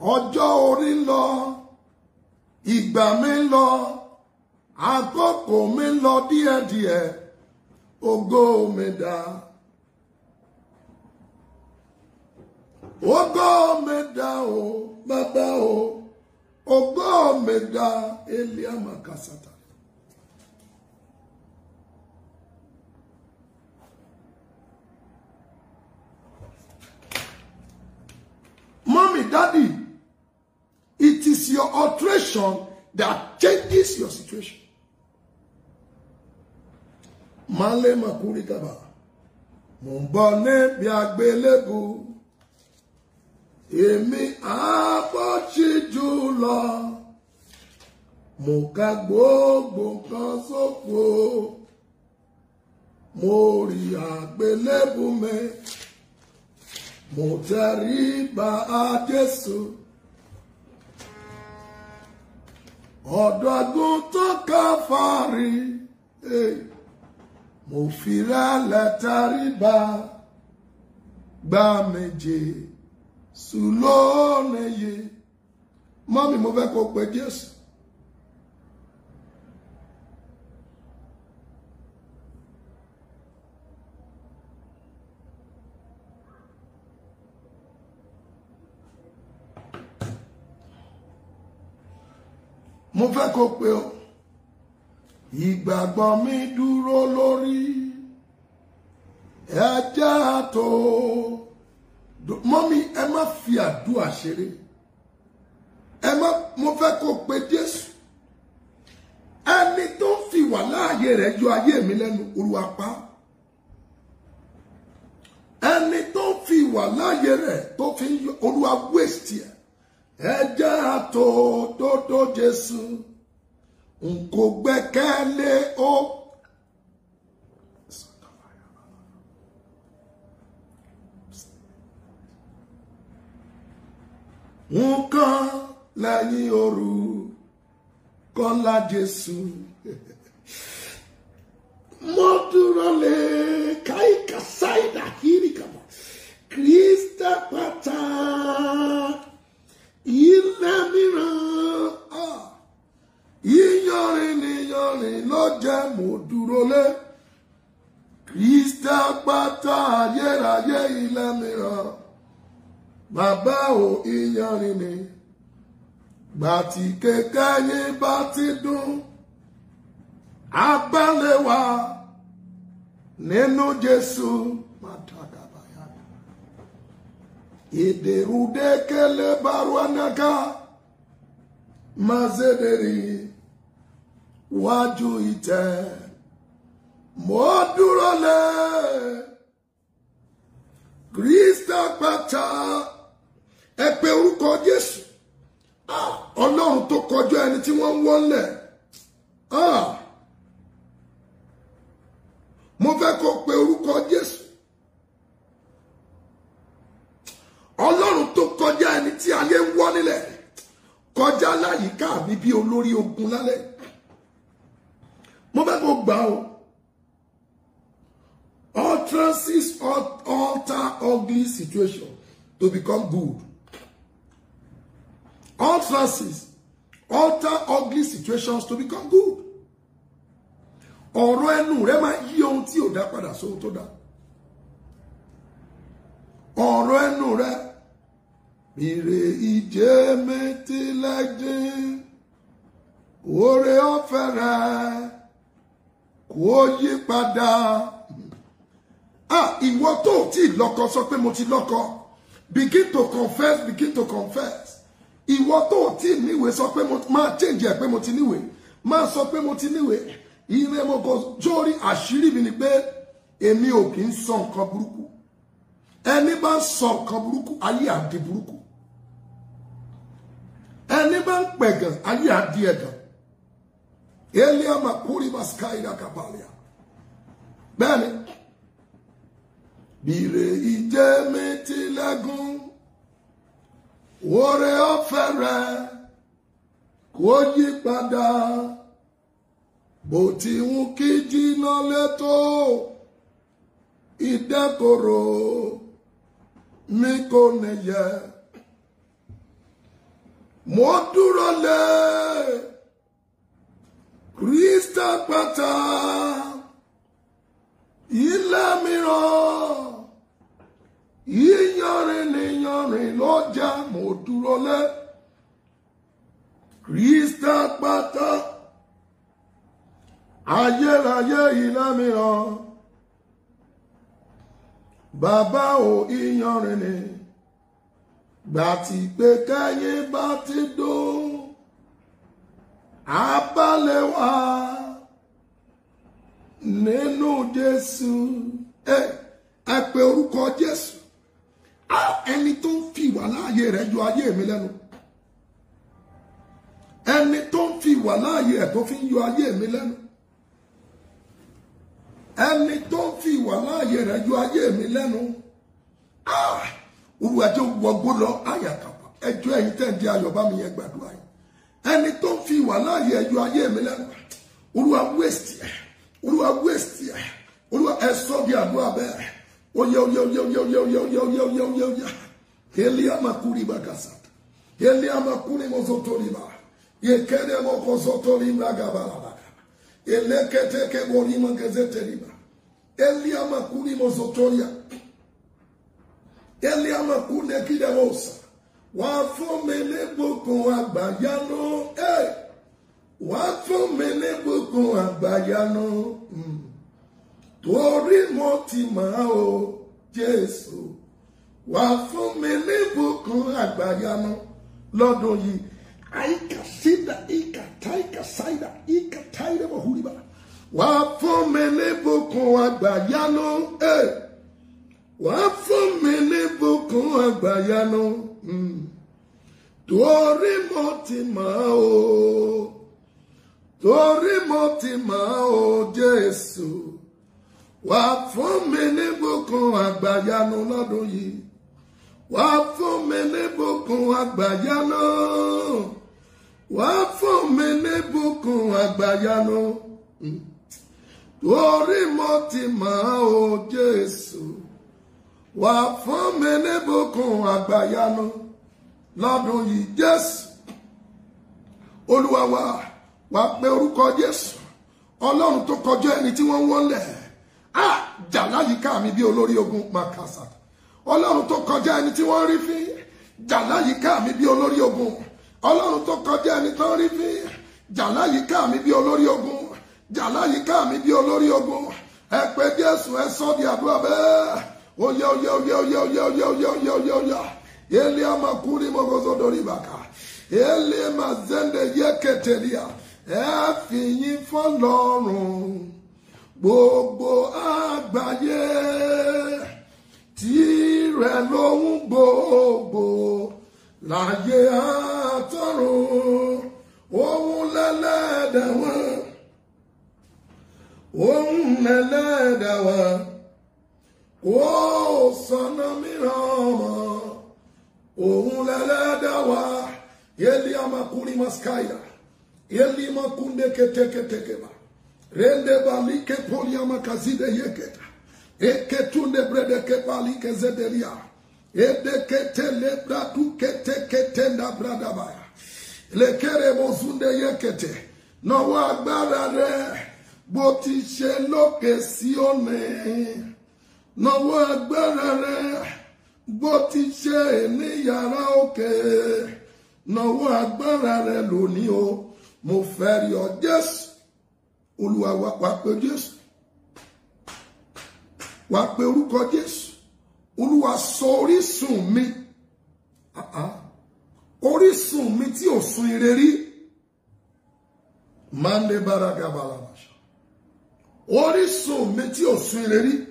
ọjọ́ orí ń lọ ìgbà mi ń lọ àkókò mi ń lọ díẹ̀díẹ̀ ògo mi dà ògo mi dà o bàbá o ògo mi dà eliama kasata. mọ́mì dádì is your alteration that changes your situation. Male Makuri Kaba. Mo ń bọ̀ ní bí agbélébùú. Èmi àbọ̀jì jùlọ. Mo Mo rí àgbélébùú mi. Mo ọ̀dọ̀ àgùntàn Káfárì mo fira látàríba gbà méje sùn lónìí mọ́mí mo fẹ́ kó pe Jésù. mo fẹ́ kó pe o ìgbàgbọ́ mi dúró lórí ẹja tó mọ́mí ẹ má fi àdúrà ṣeré ẹ má mo fẹ́ kó pe Jésù ẹni tó ń fi wà láàyè rẹ̀ yọ ayé mi lẹ́nu Olúwa pa ẹni tó ń fi wà láàyè rẹ̀ tó fi ń yọ Olúwa ẹjẹ́ àtò tótó Jésù n kò gbẹ́kẹ̀lé o. nǹkan lẹ́yìn òru kọ́lá Jésù mọ́túrọ̀ lè káyíkà ṣáìdà kiri kàmọ́ kírísítà iná mìíràn yíyanrìn níyanrìn ló jẹ́ mo dúró lé kristi apáta ayérayé ilẹ̀ mìíràn bàbá ò iyanrìn ni gbàtí kékeré yín bá ti dún abẹ́lé wa nínú Jésù màdá iderudekele baruanaka mazederi wájú ìtẹ́ mo dúró lé krista pátá ẹ pe orúkọ jésù ah, ọlọ́run tó kọjá ẹni tí wọ́n ń wọ́lẹ̀ ah. mo fẹ́ kó pe orúkọ. mi bí olórí ogun lálẹ́ mo fẹ́ kó gbà all utterances alter ugly situation to become good All utterances alter ugly situations to become good ọ̀rọ̀ ẹnu rẹ máa yí ohun tí ò dá padà sóhun tó dá ọ̀rọ̀ ẹnu rẹ rírè ìjẹ́ mẹ́tẹ́lẹ́jẹ́ oore ọ̀fẹ́ rẹ kó yí padà ah ìwọ tó ti lọ́kọ sọ pé mo ti lọ́kọ begin to confess begin to confess ìwọ tó ti níwèé sọ pé mo máa change ẹ pé mo ti níwèé máa sọ pé mo ti níwèé ire mo kò jórí àṣírí mi ni pé èmi ò kì í sọ nǹkan burúkú ẹni bá ń sọ nǹkan burúkú ayé àdì burúkú ẹni bá ń pẹ̀gàn ayé àdì ẹ̀gàn elia makuri maskaira kabalia bẹ́ẹ̀ni bìrè ìjẹ mi ti lẹ́gùn wọrẹ ọ̀fẹ́ rẹ kò yí padà bó ti ń kí jiná létò ìdẹkọrọ mi kò níyẹ mo dúró lẹ́ẹ̀. Krista pata ilé mìíràn yíyanrìn níyanrìn lọ́jà mo dúró lé Krista pata ayérayé ilé mìíràn bàbá ò yíyanrìn ni gbàtí pé káyé bá ti dó. Abalewa, wa nínú Jésù ẹ ẹ pé orúkọ Jésù ẹni tó ń fi ìwà láàyè rẹ ju ayé mi lẹ́nu ẹni tó ń fi ìwà láàyè ẹ tó fi ń yọ ayé mi lẹ́nu ẹni tó ń fi ìwà láàyè rẹ ju ayé mi lẹ́nu olùwàjẹ́ wọgbó lọ àyàkàpọ̀ ẹjọ́ ẹ̀yin tẹ̀ ń di ayọ̀ mi yẹn gbàdúrà yìí ẹni tó ń fi ìwà láàyè ẹjọ́ ayé mi lẹ́nu olúwa wéṣì ẹ̀ olúwa wéṣì ẹ̀ olúwa ẹ sọ́ di àdúrà oyè oyè oyè oyè oyè oyè oyè oyè oyè oyè oyè eli amakuri bagasa eli amakuri mozotori ba yekere mokozotori nagabalabaka eleketeke bolima gezeteri ba eli amakuri mozotoria eli amakuri nekide mosa wà á fún mi ní bùkún àgbàyanu wà á fún mi ní bùkún àgbàyanu hmm. torí mo ti mọ̀ ọ́ Jésù wà á fún mi ní bùkún àgbàyanu lọ́dún yìí àìkàsídà ìkàtàìkàsáìdà ìkàtàìdàbọ̀húrìbà wà á fún mi ní bùkún àgbàyanu. Hey wàá fún mi ní bùkún àgbàyanu. Mm. torí mo ti mọ̀ ọ́ torí mo ti mọ̀ wà fún mi ní bùkún àgbàyanu lọ́dún yìí wà fún mi ní bùkún àgbàyanu wà fún mi ní bùkún àgbàyanu hmm. torí mo ti mọ̀ ọ́ Jésù wà fún mi ní bùkún àgbàyanu. Mm. lọ́dún yìí jésù olúwa wa wà pé orúkọ jésù ọlọ́run tó kọjá ẹni tí wọ́n ń wọlé á jà láyìíká mi bí olórí ogun makasa ọlọ́run tó kọjá ẹni tí wọ́n rí fín jà láyìíká mi bí olórí ogun ọlọ́run tó kọjá ẹni tó rí fín jà láyìíká mi bí olórí ogun jà láyìíká mi bí olórí ogun ẹ pé jésù ẹ sọ di àdúrà bẹ́ẹ̀ oyè oyè oyè oyè oyè oyè oyè oyè oyè oyè. elia makuri mogozo doribaka ele mazende yeketelia ẹ̀fìyìn fọlọ́run gbogbo àgbáyé tirẹ̀ ló ń gbogbo láyé àtọ́run gbogbo lẹ́lẹ́dẹ̀ wọn òun lẹ́lẹ́dẹ̀ wọn kò sọ̀nà mìíràn òun lẹ́lẹ́dá wa yẹ́lí amakùnrin maskaya yẹ́lí makunde keteketekeba rende bali ke poli amakazide yeketa eketunde brede ke bali ke zedelia edeketele bradu keteketenda bradabaya lekere bozunde yekete nọwọ́ agbára rẹ bó ti ṣe lókè sí ọ̀nẹ́ nọwọ́ agbára rẹ bó ti ṣe ní yàrá òkè náwó agbára rẹ lónìí o mo fẹ́ rí ọ jésù olúwa wa wá pé jésù wá pé orúkọ jésù olúwa sọ orísun mi orísun mi tí ò sun ire rí máa ń lé bára gabalà orísun mi tí ò sun ire rí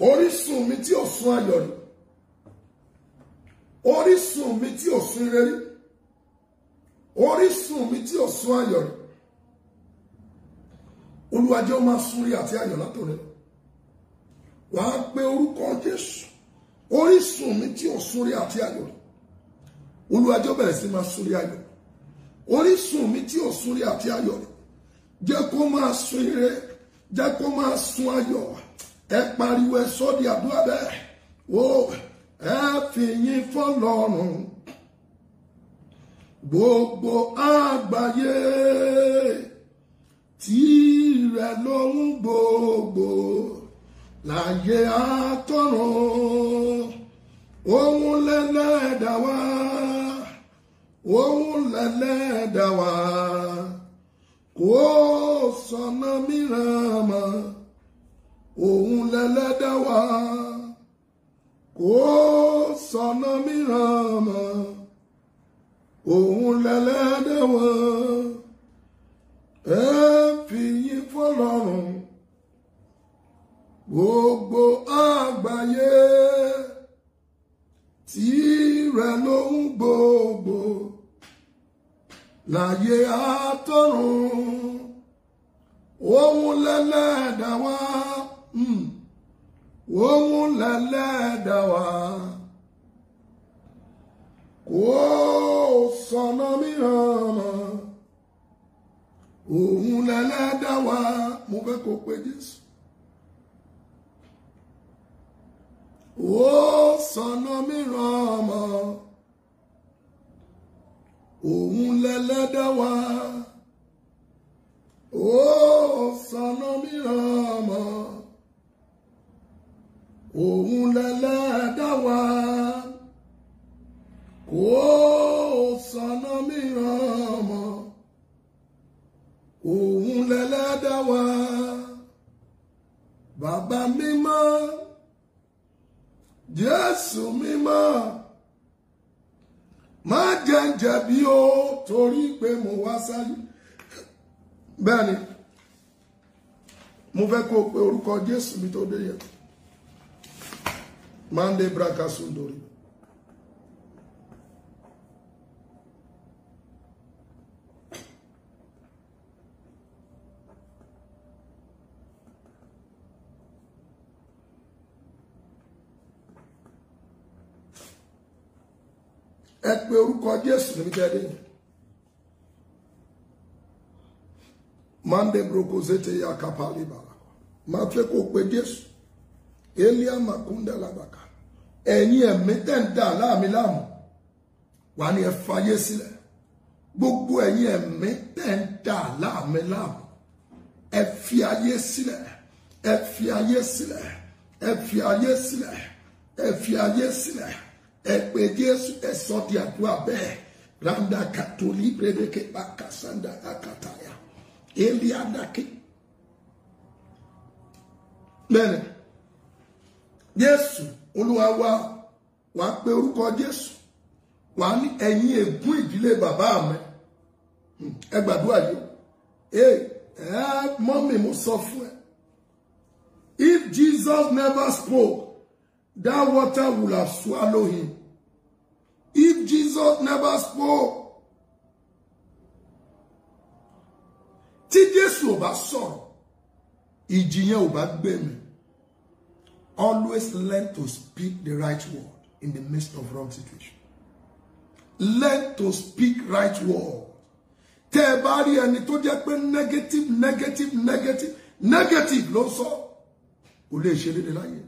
orísun mi tí ò sun ayọ̀ rí orísun mi tí ò sun ire rí orísun mi tí ò sun ayọ̀ rí Olúwa jẹ́ ó máa sun rí àti ayọ̀ látòrí lọ wàá pe orúkọ Jésù orísun mi tí ò sun àti ayọ̀ rí Olúwa ó bẹ̀rẹ̀ sí máa sun rí ayọ̀ orísun mi tí ò sun àti ayọ̀ rí jẹ́ kó máa sun ire jẹ́ kó máa sun ayọ̀ wá ẹ pariwo ẹ sọ di àdúrà bẹ́ẹ̀ wo ẹ fi yín fọ́lọ́run gbogbo àgbáyé tìrẹ ló ń gbogbo láyé àtọ̀run òun lẹ́lẹ́dà wá òun lẹ́lẹ́dà wá kò sọ̀nà mìíràn mọ́ òun lẹ́lẹ́dá wa kò sọ̀nà mìíràn mọ́ òun lẹ́lẹ́dá wa ẹ fi yín fọlọ́run gbogbo àgbáyé tìrẹ ló ń gbogbo láyé àtọ̀run òun lẹ́lẹ́dá wa òun hmm. lẹ́lẹ́dàá wa kò sọ̀nà mìíràn mọ́ òun lẹ́lẹ́dàá wa mo fẹ́ kó pe Jésù. ó sọ̀nà mìíràn mọ́ òun lẹ́lẹ́dàá wa ó sọ̀nà mìíràn mọ́ òun lẹ́lẹ́dá wa kò sọ̀nà mìíràn mọ́ òun lẹ́lẹ́dá wa bàbá mímọ́ Jésù mímọ́ má jẹ́njẹ́ bí ó torí pé mo wá sáyé bẹ́ẹ̀ ni mo fẹ́ kó o pe orúkọ Jésù mi tó dé yẹn. Mande braka sundori. ẹ pe orúkọ Jésù níbi tẹ́lẹ̀ yìí mande broko zete ya kapali bara máa fẹ́ kó pe Jésù elia makunda labaka ẹ̀yin ẹ̀mí tẹ̀ ń dà láàmì láàmú wà ní ẹ fàyè sílẹ̀ gbogbo ẹ̀yin ẹ̀mí tẹ̀ ń dà láàmì láàmú ẹ fi ayé sílẹ̀ ẹ fi ayé sílẹ̀ ẹ fi ayé sílẹ̀ ẹ fi ayé sílẹ̀ ẹ jésù ẹ di àdúrà bẹ́ẹ̀ randa katoli bredeke bakasanda akataya eliadake bẹ́ẹ̀ jésù olúwa wa wàá pe orúkọ jésù wàá ní ẹ̀yin ègún ìdílé bàbá mi hmm, ẹ gbàdúrà yìí ẹ ẹ mọ́mì mo sọ fún ẹ if jesus never spoke that water would have swallowed him if jesus never spoke tí jésù ò bá sọ̀rọ̀ ìjì yẹn ò bá gbẹ̀mí. Always learn to speak the right word in the midst of wrong situation. Learn to speak right word. Tẹ́ ẹ bá rí pé negative negative negative negative ló sọ kò lè ṣe déédéé láyé.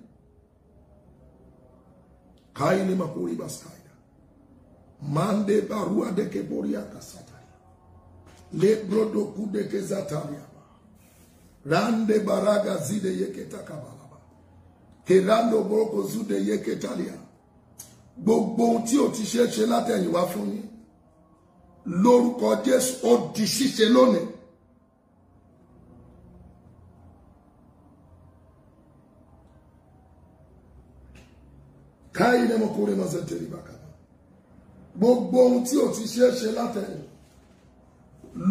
Káyé ni màá kó rí bàṣáyà. Mande baru adeke bori akasataria. Le brodo kudeke zataria. Rande baraga zide yeketa kabala. herando boroko zude yeke talia gbogbo ohun tí ò ti ṣe é ṣe látẹ̀yìnwá fún yín lórúkọ jésù ó di ṣíṣe lónìí. káyìí lẹ́mọ̀ kórè máa ṣe tẹ̀lé bàkàrà gbogbo ohun tí ò ti ṣe ṣe látẹ̀yìn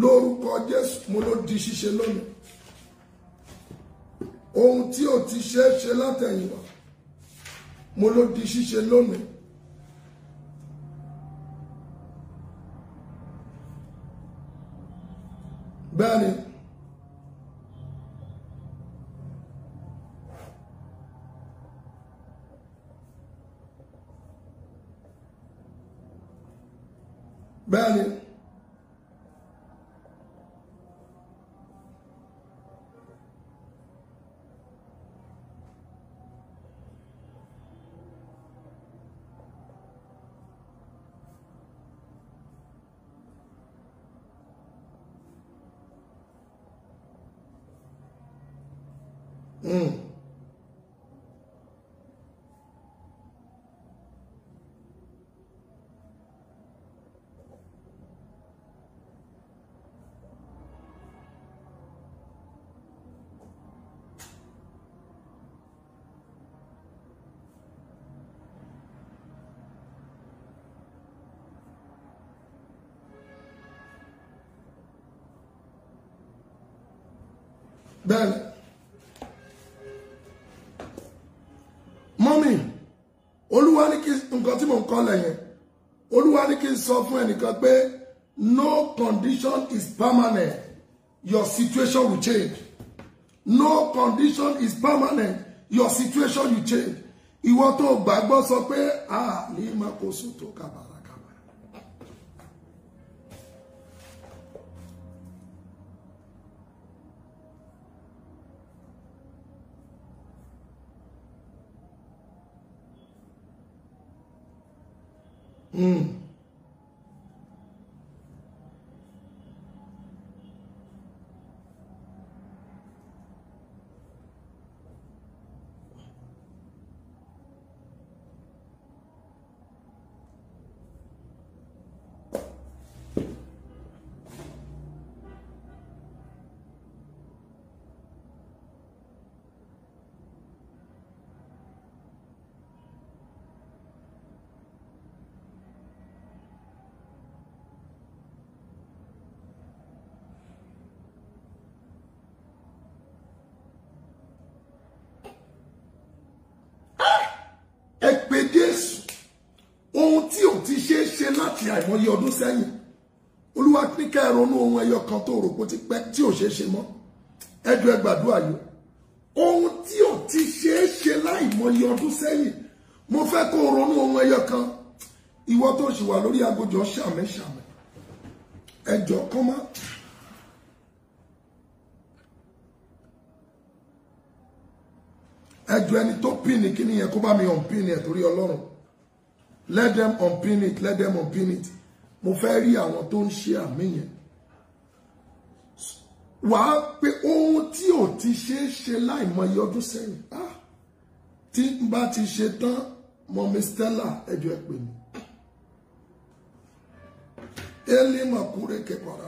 lórúkọ jésù mo ló di ṣíṣe lónìí ohun tí ò ti ṣe é ṣe látẹ̀yìnwá mo ló di ṣíṣe lónìí bẹ́ẹ̀ ni Mm. Bene. olúwa ní kí nǹkan tí mò ń kọ́ lẹ́yìn olúwa ní kí n sọ fún ẹnìkan pé no condition is permanent your situation will change no condition is permanent your situation will change ìwọ tó gbàgbọ́ sọ pé àlè má kó sùn tó kàbàrà. àìmọye ọdún sẹ́yìn olúwa ní ká ẹ ronú ohun ẹyọ kan tó rò pé ti pẹ́ tí ò ṣeé ṣe mọ́ ẹ jọ̀ọ́ ẹ gbàdúrà yìí ohun tí ò ti ṣeé ṣe láìmọye ọdún sẹ́yìn mo fẹ́ kó ronú ohun ẹyọ kan ìwọ tó ṣì wà lórí agojọ ṣàmẹ ṣàmẹ ẹ jọ̀ọ́ kọ́má. ẹ jọ̀ọ́ ẹni tó pín ní kíní yẹn kó bá mi hàn pín ní ẹ̀ torí ọlọ́run let them unpin it let them unpin it mo fẹ́ rí àwọn tó ń ṣe àmì yẹn wàá pé ohun tí ò ti ṣe é ṣe láìmọye ọdún sẹ́yìn ah tí n bá ti ṣe tán mọ̀mí Stella ẹjọ́ ẹ pè mí. Elima kure ke para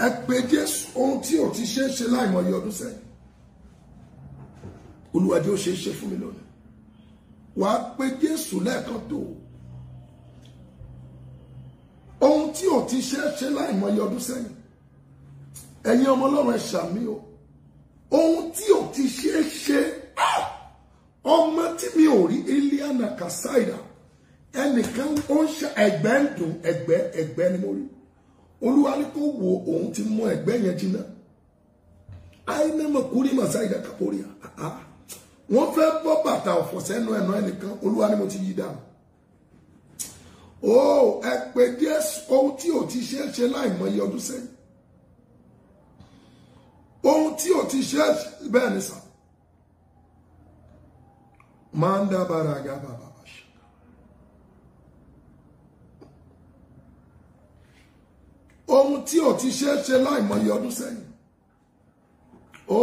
ẹ pé jésù ohun tí ò ti ṣe é ṣe láìmọye ọdún sẹ́yìn olúwa jẹ́ ó ṣe é ṣe fún mi lónìí wàá pé jésù lẹ́ẹ̀kan tó ohun tí ò ti ṣe é ṣe láìmọye ọdún sẹ́yìn ẹ̀yin ọmọ ọlọ́run ẹ ṣàmì o ohun tí ò ti ṣe é ṣe ah! ọmọ tí mi ò rí eliana kasaida ẹnìkan ó ń ṣe ẹgbẹ́ ń dùn ẹgbẹ́ ẹgbẹ́ ni mo rí olúwa ní kó wo òun ti mú ẹgbẹ́ yẹn jiná àìnàmọ̀ kúrí màsá ìdá kàpórí àá wọ́n fẹ́ bọ́ bàtà ọ̀fọ̀ sẹ́nu ẹ̀nà ẹnìkan olúwa ni mo ti yí dànù o ẹ pé díẹ̀ ohun tí ò ti ṣe é ṣe láì mọye ọdún sẹ́yìn ohun tí ò ti ṣe é bẹ́ẹ̀ ni sà máa ń dábàrà àgá ohun tí ò ti ṣe é ṣe láìmọye ọdún sẹ́yìn ó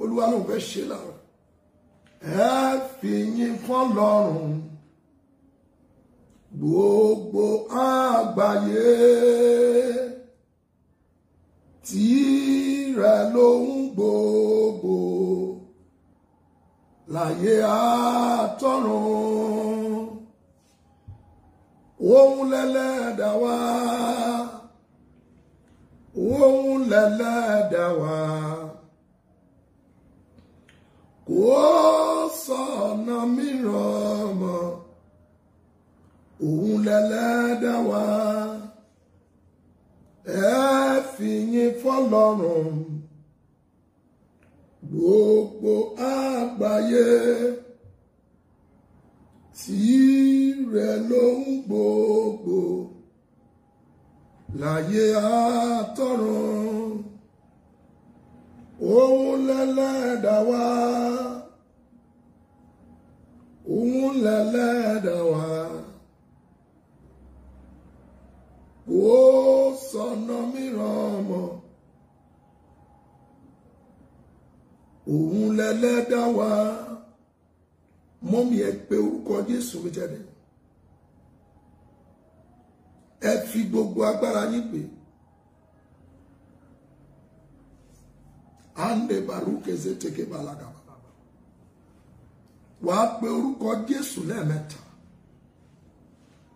olúwa ló ń fẹ́ ṣe lára ẹ fi yín fọ́n lọ́rùn gbogbo àgbáyé tìrẹ ló ń gbogbo láyé àtọ̀run ohun lẹ́lẹ́dàá wá. òun lẹ́lẹ́dàá kò sọ̀nà mìíràn mọ́ òun lẹ́lẹ́dàá ẹ fìyìn fọlọ́run gbogbo àgbáyé tìrẹ ló ń gbogbo. láyé àtọ̀run òun lẹ́lẹ́dà wá òun lẹ́lẹ́dà wá ó sọ̀nà mìíràn mọ́ òun lẹ́lẹ́dà wá mọ́mí ẹ pé orúkọ Jésù mi jáde. fi gbogbo agbára yín pè ande barukeze teke balagaba wàá pe orúkọ Jésù lẹ́ẹ̀mẹ́ta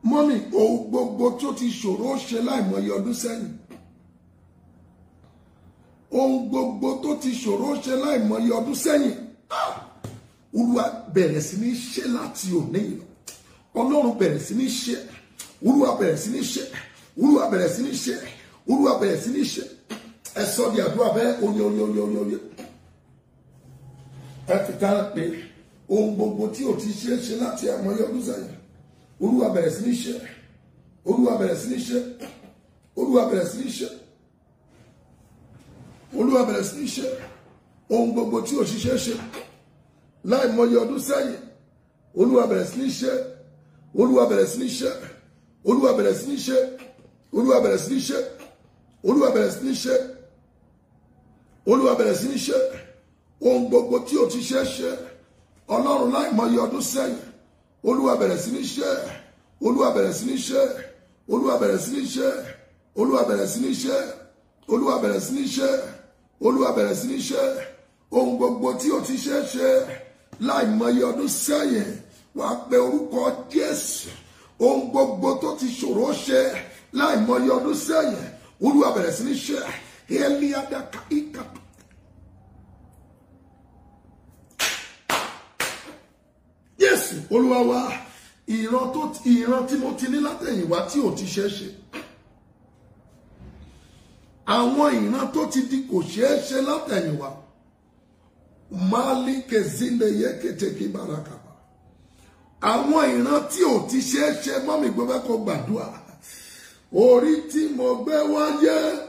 mọ́mì ohun gbogbo tó ti ṣòro ṣe láìmọye ọdún sẹ́yìn ohun gbogbo tó ti ṣòro ṣe láìmọye ọdún sẹ́yìn olúwa bẹ̀rẹ̀ sí ní ṣe láti òní ọlọ́run bẹ̀rẹ̀ sí ní ṣe olúwa bẹ̀rẹ̀ sí ní ṣe olúwa bẹ̀rẹ̀ sí ní ṣe olúwa bẹ̀rẹ̀ sí ní ṣe ẹ sọ di àdúrà bẹ́ẹ̀ oní oní oní oní oní ẹ fi kára pé ohun gbogbo tí o ti ṣe é ṣe láti àmọ́yé ọdún sẹ́yìn olúwa bẹ̀rẹ̀ sí ní ṣe olúwa bẹ̀rẹ̀ sí ní ṣe olúwa bẹ̀rẹ̀ sí ní ṣe olúwa bẹ̀rẹ̀ sí ní ṣe ohun gbogbo tí o ti ṣe ṣe láì mọyé ọdún sẹ́yìn olúwa bẹ̀rẹ̀ sí ní ṣe olúwa bẹ̀rẹ̀ sí ní ṣe olúwa bẹ̀rẹ̀ sí ní ṣe olúwa bẹ̀rẹ̀ sí ní ṣe olúwa bẹ̀rẹ̀ sí ní ṣe olúwa bẹ̀rẹ̀ sí ní ṣe ohun gbogbo tí o ti ṣe ṣe ọlọ́run láì mọye ọdún sẹ́yìn olúwa bẹ̀rẹ̀ sí ní ṣe olúwa bẹ̀rẹ̀ sí ní ṣe olúwa bẹ̀rẹ̀ sí ní ṣe olúwa bẹ̀rẹ̀ sí ní ṣe olúwa bẹ̀rẹ̀ sí ní ṣe olúwa bẹ̀rẹ̀ sí ní ṣe ohun gbogbo tí o ti ṣe ṣe láì mọye ọdún sẹ́yìn wàá pe orúkọ jésù ohun gbogbo tó ti ṣòro ṣe láì mọyì ọdún sẹ́yìn olúwa bẹ̀rẹ̀ sí ní ṣe eliadaka ikapa. Jésù olúwa wa ìran tó ìran tí mo ti ní látẹ̀yìnwá tí ò ti ṣeé ṣe àwọn ìran tó ti di kò ṣeé ṣe látẹ̀yìnwá mali kezindeye keteke barakaba àwọn ìran tí ò ti ṣeé ṣe mọ́mí gbọ́dọ̀ kó gbàdúrà orí tí mo gbé wáyé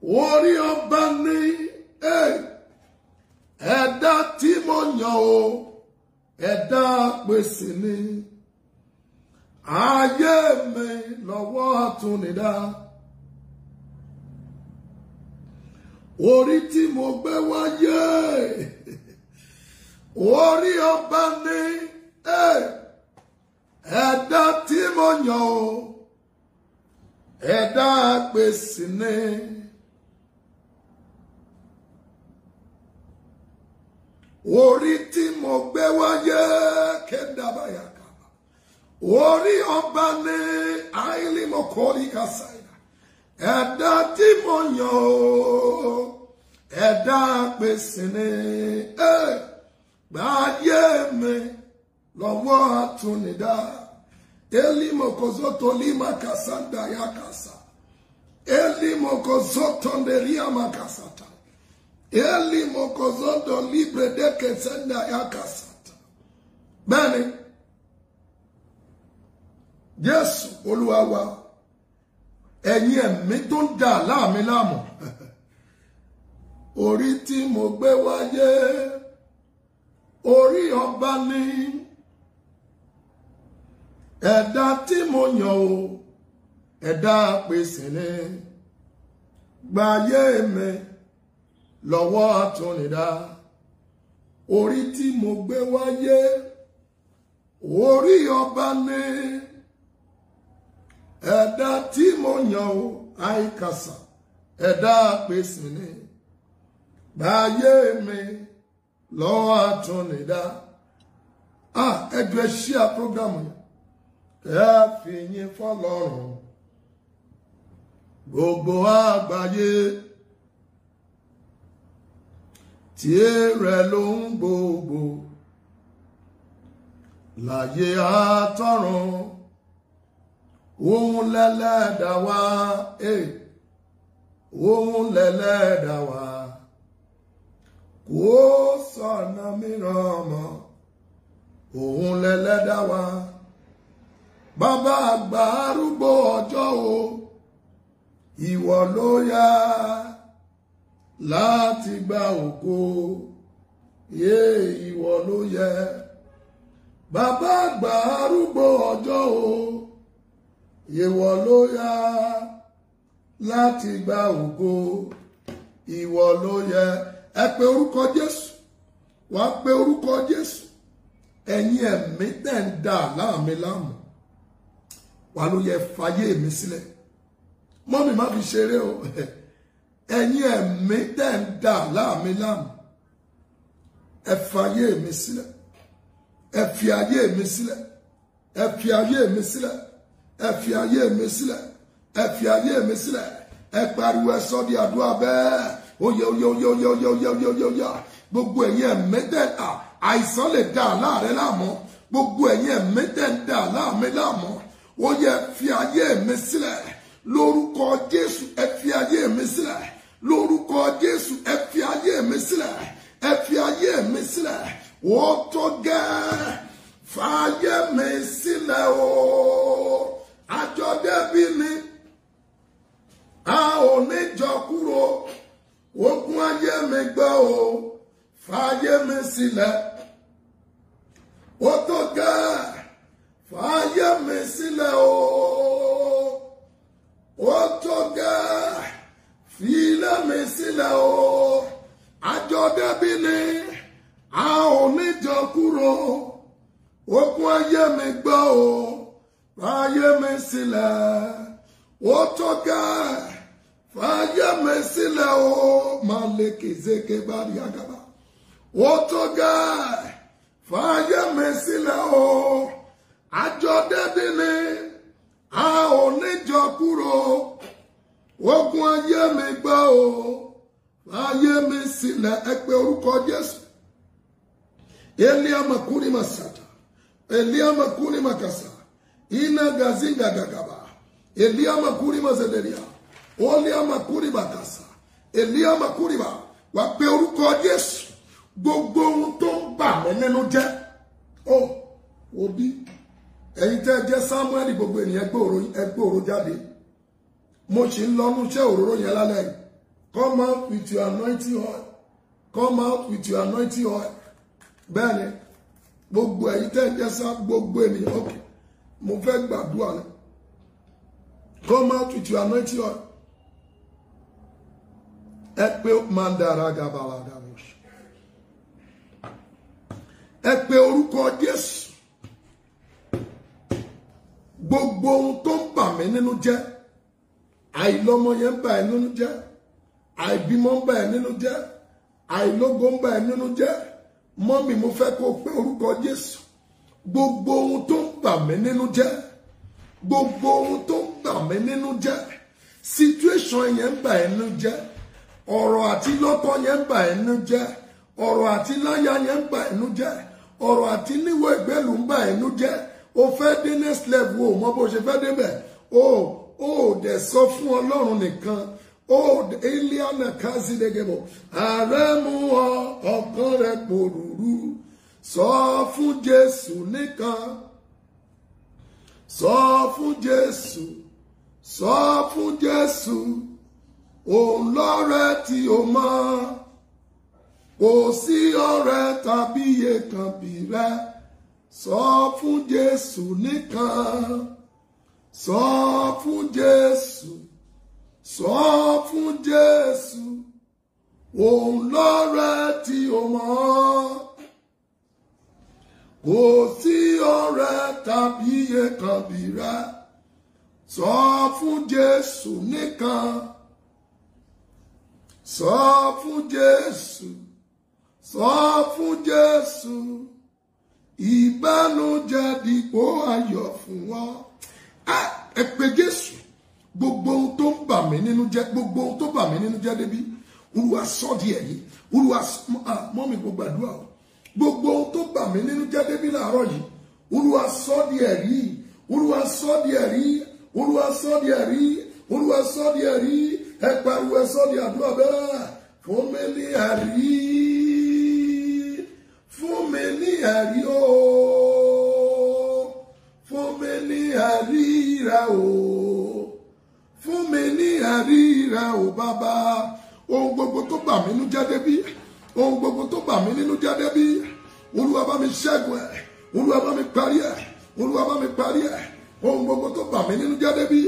orí ọba ní eh, ẹ̀dá tí mo yàn o ẹ̀dá pèsè ni ayé mi lọ́wọ́ ọ̀tún nìdá orí tí mo gbé wá wáyé orí ọba ní eh, ẹ̀dá tí mo yàn o. ẹ̀dá pèsè ní. orí tí mo gbé wáyé kédàbáyà kàbà orí ọba ní àìlímọ̀kọ́rí kàṣáyà ẹ̀dá tí mo yàn ó ẹ̀dá pèsè ní. gbáyé mi lọ́wọ́ àtúndá. Eli mokozoto lima kasanda ya kasa. Eli mokozoto nderia makasata. Eli mokozoto libre de kesenda ya kasata. Bẹ́ẹ̀ni, Jésù Olúwa wa, ẹ̀yin ẹ̀mí tó ń dà láàmì láàmù. Orí tí mo gbé wáyé, orí ọba ni ẹ̀dá tí mo yàn o ẹ̀dá pèsè ni gbàyé mi lọ́wọ́ àtúnidá orí tí mo gbé wáyé orí ọba ni ẹ̀dá tí mo yàn o àìkàsà ẹ̀dá pèsè ni gbàyé mi lọ́wọ́ àtúnidá ah ẹjọ́ ẹ ṣí à program yẹn ẹ fi yìn fọ́lọ́run gbogbo àgbáyé tìrẹ ló ń gbogbo láyé àtọ̀run òun lẹ́lẹ́dà wá òun eh, lẹ́lẹ́dà kò sọ̀nà mìíràn mọ́ òun lẹ́lẹ́dà bàbá àgbà arúgbó ọjọ́ o ìwọ ló yá láti gba ògo yé ìwọ ló yẹ bàbá àgbà arúgbó ọjọ́ o ìwọ ló yá láti gba ògo ìwọ ló yẹ ẹ pè orúkọ Jésù wàá pè orúkọ Jésù ẹ̀yin ẹ̀mí tẹ̀ ń dà láàmì láàmù wà ló yẹ fàyè mi sílẹ̀ mọ́mì má fi ṣeré o ẹ̀yin ẹ̀mí tẹ̀ ń dà láàmì láàmì ẹ fàyè mi sílẹ̀ ẹ fi ayé mi sílẹ̀ ẹ fi ayé mi sílẹ̀ ẹ fi ayé mi sílẹ̀ ẹ fi ayé mi sílẹ̀ ẹ pariwo ẹ sọ di àdúrà bẹ́ẹ̀ oyè oyè oyè oyè oyè oyè oyè oyè oyè gbogbo ẹ̀yin ẹ̀mí tẹ̀ ń dà àìsàn lè dà láàrẹ láàmú gbogbo ẹ̀yin ẹ̀mí tẹ̀ ń dà láàmì láàmú ó yẹ fi ayé mi sílẹ̀ lórúkọ jésù ẹ fi ayé mi sílẹ̀ lórúkọ jésù ẹ fi ayé mi sílẹ̀ ẹ fi mi sílẹ̀ ó tó gẹ́ fàyè mi sílẹ̀ o àjọdẹ́bí ni a ò ní jọ kúrò ogun ayé mi gbọ́ o fàyè mi sílẹ̀ ó tó gẹ́ fàáyé mi sílẹ̀ o ó tó gẹ́ fìlẹ mi sílẹ̀ o àjọ débi ni a ò ní kúrò okun ayé mi gbọ́ o fàáyé mi sílẹ̀ ó tó gẹ́ fàáyé mi sílẹ̀ o máa lè kìzeke bá rí àgàbà mi sílẹ̀ o àjọ dédé ni a ò níjọ kúrò ogun ayé mi gbọ́ o ayé mi sílẹ̀ ẹ pé orúkọ Jésù eliama kuni masata eliama kuni makasa ina gazinga gagaba eliama kuni mazederia oliama kuni makasa eliama kuni ba wà pé orúkọ Jésù gbogbo ohun tó ń bà mí nínú jẹ́ ó òbí. Oh, ẹ̀yin tẹ́ Samuel gbogbo ènìyàn gbòòrò jáde mo sì ń lọ́nu iṣẹ́ òróró yẹn with your anointing oil come with your anointing oil gbogbo ẹ̀yin tẹ́ sá gbogbo ènìyàn mo fẹ́ gbàdúrà rẹ come out with your anointing oil ẹ pé ẹ Jésù. gbogbo ohun tó ń bà mí nínú jẹ́ àìlọ́mọ yẹn ń bà ẹ́ nínú jẹ́ àìbímọ ń bà ẹ́ nínú jẹ́ àìlógo ń bà ẹ́ nínú jẹ́ mọ́mì mo fẹ́ kó pe orúkọ Jésù gbogbo ohun tó ń bà mí nínú jẹ́ gbogbo ohun tó ń bà mí nínú jẹ́ situation yẹn ń bà ẹ́ nínú jẹ́ ọ̀rọ̀ àti lọ́kọ yẹn ń bà ẹ́ nínú jẹ́ ọ̀rọ̀ àti láya yẹn ń bà ẹ́ nínú jẹ́ ọ̀rọ̀ àti níwọ̀ ìgbẹ́lú ń bà ẹ́ nínú jẹ́ o fẹ́ dé next level o mọ bó ṣe fẹ́ débẹ̀ o o dẹ̀ sọ fún ọlọ́run nìkan o eliana kazidegebọ ààrẹ mú ọ ọkàn rẹ pòrúurú sọ fún jésù nìkan sọ fún jésù sọ fún jésù òun lọ́rẹ́ tí o mọ̀ kò sí ọ̀rẹ́ tàbí iye kan bí rẹ sọ fún jésù nìkan sọ fún jésù sọ fún jésù òun lọ́rẹ́ tí o mọ̀ kò sí ọ̀rẹ́ tàbí iye kan bí rẹ sọ fún jésù nìkan sọ fún jésù sọ fún jésù ìbánújẹ́ dìpò ayọ̀ fún wọn. ẹ pé jésù gbogbo ohun tó ń bà mí nínú jẹ́ gbogbo ohun tó bà mí nínú jẹ́ débi olúwa sọ di ẹ̀yìn olúwa mọ́ mi gbogbo àdúrà o gbogbo ohun tó bà mí nínú jẹ́ débi làárọ̀ yìí olúwa sọ di ẹ̀yìn olúwa sọ di ẹ̀yìn olúwa sọ di ẹ̀yìn ẹ pariwo ẹ sọ àdúrà bẹ́ẹ̀ fún mi ní ẹ̀yìn ẹ̀rí o fún mi ní ẹ̀rí rẹ o fún mi ní ẹ̀rí rẹ o bàbá ohun gbogbo tó bà mí nínú jẹ́ débí ohun gbogbo tó bà mí nínú jẹ́ débí olúwa bá mi ṣẹ́gun ẹ̀ olúwa bá mi parí ẹ̀ olúwa bá mi parí ẹ̀ ohun gbogbo tó bà mí nínú jẹ́ débí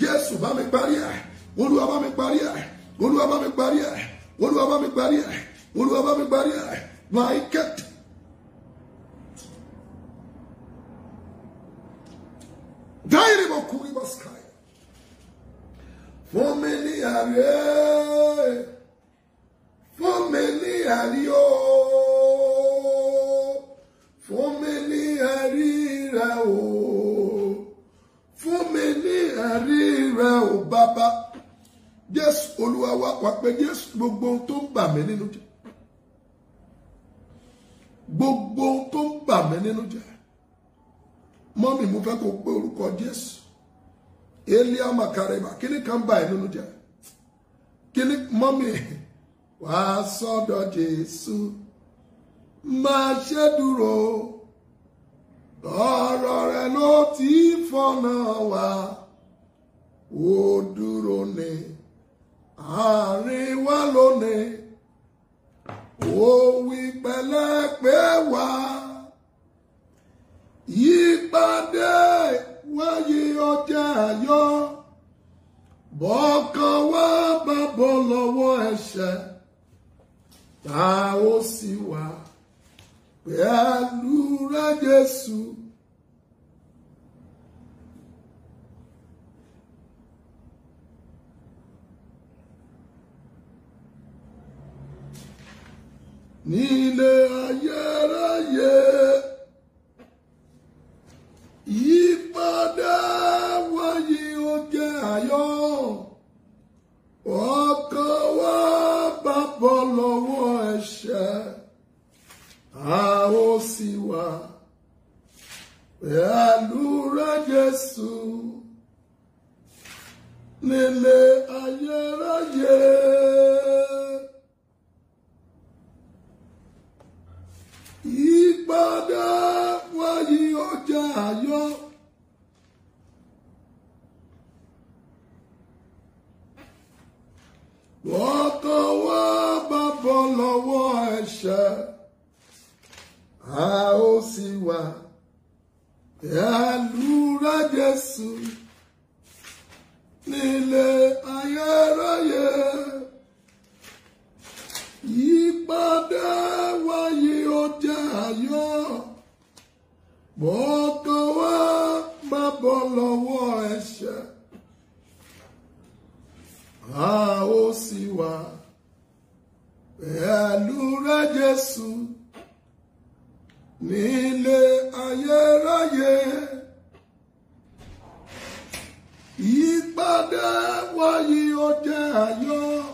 jésù bá mi parí ẹ̀ olúwa bá mi parí ẹ̀ olúwa bá mi parí ẹ̀ olúwa bá mi parí ẹ̀ olúwa bá mi parí ẹ̀ blanket Dairi bokuri baskai. Fomeni are. Fomeni ario. Fomeni arira o. Fomeni arira o baba. Jésù Olúwa wa wá pé Yes, gbogbo ohun tó ń bà mí nínú jẹ́. Gbogbo ohun tó ń bà mí mọ́mí mo fẹ́ kó pe orúkọ jésù elia makareba kíní kan bá ẹ nínú jẹ kíní mọ́mì wàá sọ́dọ̀ jésù máa ṣe dúró ọ̀rọ̀ rẹ ló ti fọ̀nà wá ó dúró ní àárín wa lónìí ó wí pẹ̀lẹ́pẹ̀ wá. yípadé wáyé ọjà àyọ bọ́kàn wá bá bọ́ lọ́wọ́ ẹ̀ṣẹ̀ tá ó sì wá pẹ̀lú rẹ̀ Jésù. nílé ayérayé yípadà wáyé ó jẹ́ àyọ̀ ọkàn wa bá bọ́ lọ́wọ́ ẹ̀ṣẹ̀ a ó sì wà pẹ̀lú rẹ̀ nílé ayérayé. ìpadà wáyé ọjà àyọ́. wọ́n tán wá bàbọ̀ lọ́wọ́ ẹ̀ṣẹ̀ a ó sì wà ẹ̀lúra Jésù nílé ayérayé. ìpàdé wáyé ọjà ayọ̀ bọ́kàn wá má bọ́ lọ́wọ́ ẹ̀ṣẹ̀ a ó sì wà pẹ̀lú rẹ Jésù nílé ayérayé ìpàdé wáyé ọjà ayọ̀.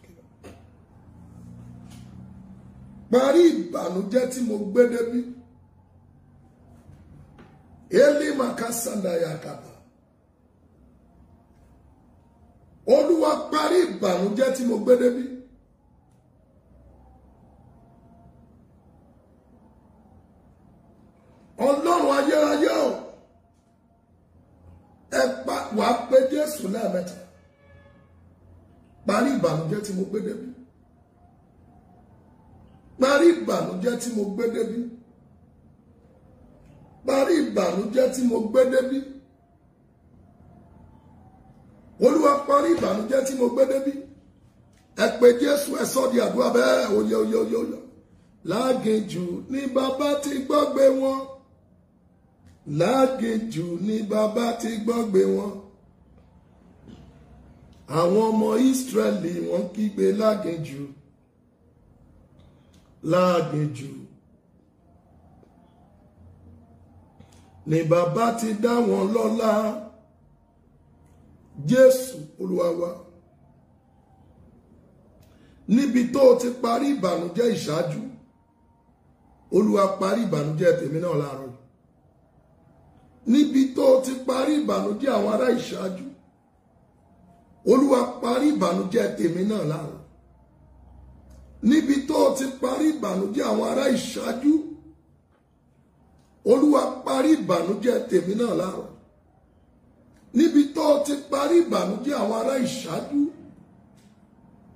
parí ìbànújẹ́ tí mo gbé débí elima kasandaya kaba olúwa parí ìbànújẹ́ tí mo gbé débí. ọlọ́run ayérayé o ẹ pa wàá pé jésù lẹ́ẹ̀mẹ́ta parí ìbànújẹ́ tí mo gbé bí parí ìbànújẹ́ tí mo gbé débí parí ìbànújẹ́ tí mo gbé débí olúwa parí ìbànújẹ́ tí mo gbé débí ẹ pé jésù ẹ sọ di àdúrà bẹ́ẹ̀ oyè oyè oyè oyè láginjù ni bàbá ti gbọ́gbé wọn láginjù ni bàbá ti gbọ́gbé wọn àwọn ọmọ ìsírẹ́lì wọ́n kígbe láginjù láàgbèjù ni bàbá ti dá wọn lọ́lá jésù olúwa wa níbi tó o ti parí ìbànújẹ́ ìṣáájú olúwa parí ìbànújẹ́ tèmi náà láàárọ̀ níbi tó o ti parí ìbànújẹ́ àwọn ará ìṣáájú olúwa parí ìbànújẹ́ tèmi náà láàárọ̀ níbi tó o ti parí ìbànújẹ́ àwọn ará ìṣáájú olúwa parí ìbànújẹ́ tèmi náà láàrọ̀ níbi tó o ti parí ìbànújẹ́ àwọn ará ìṣáájú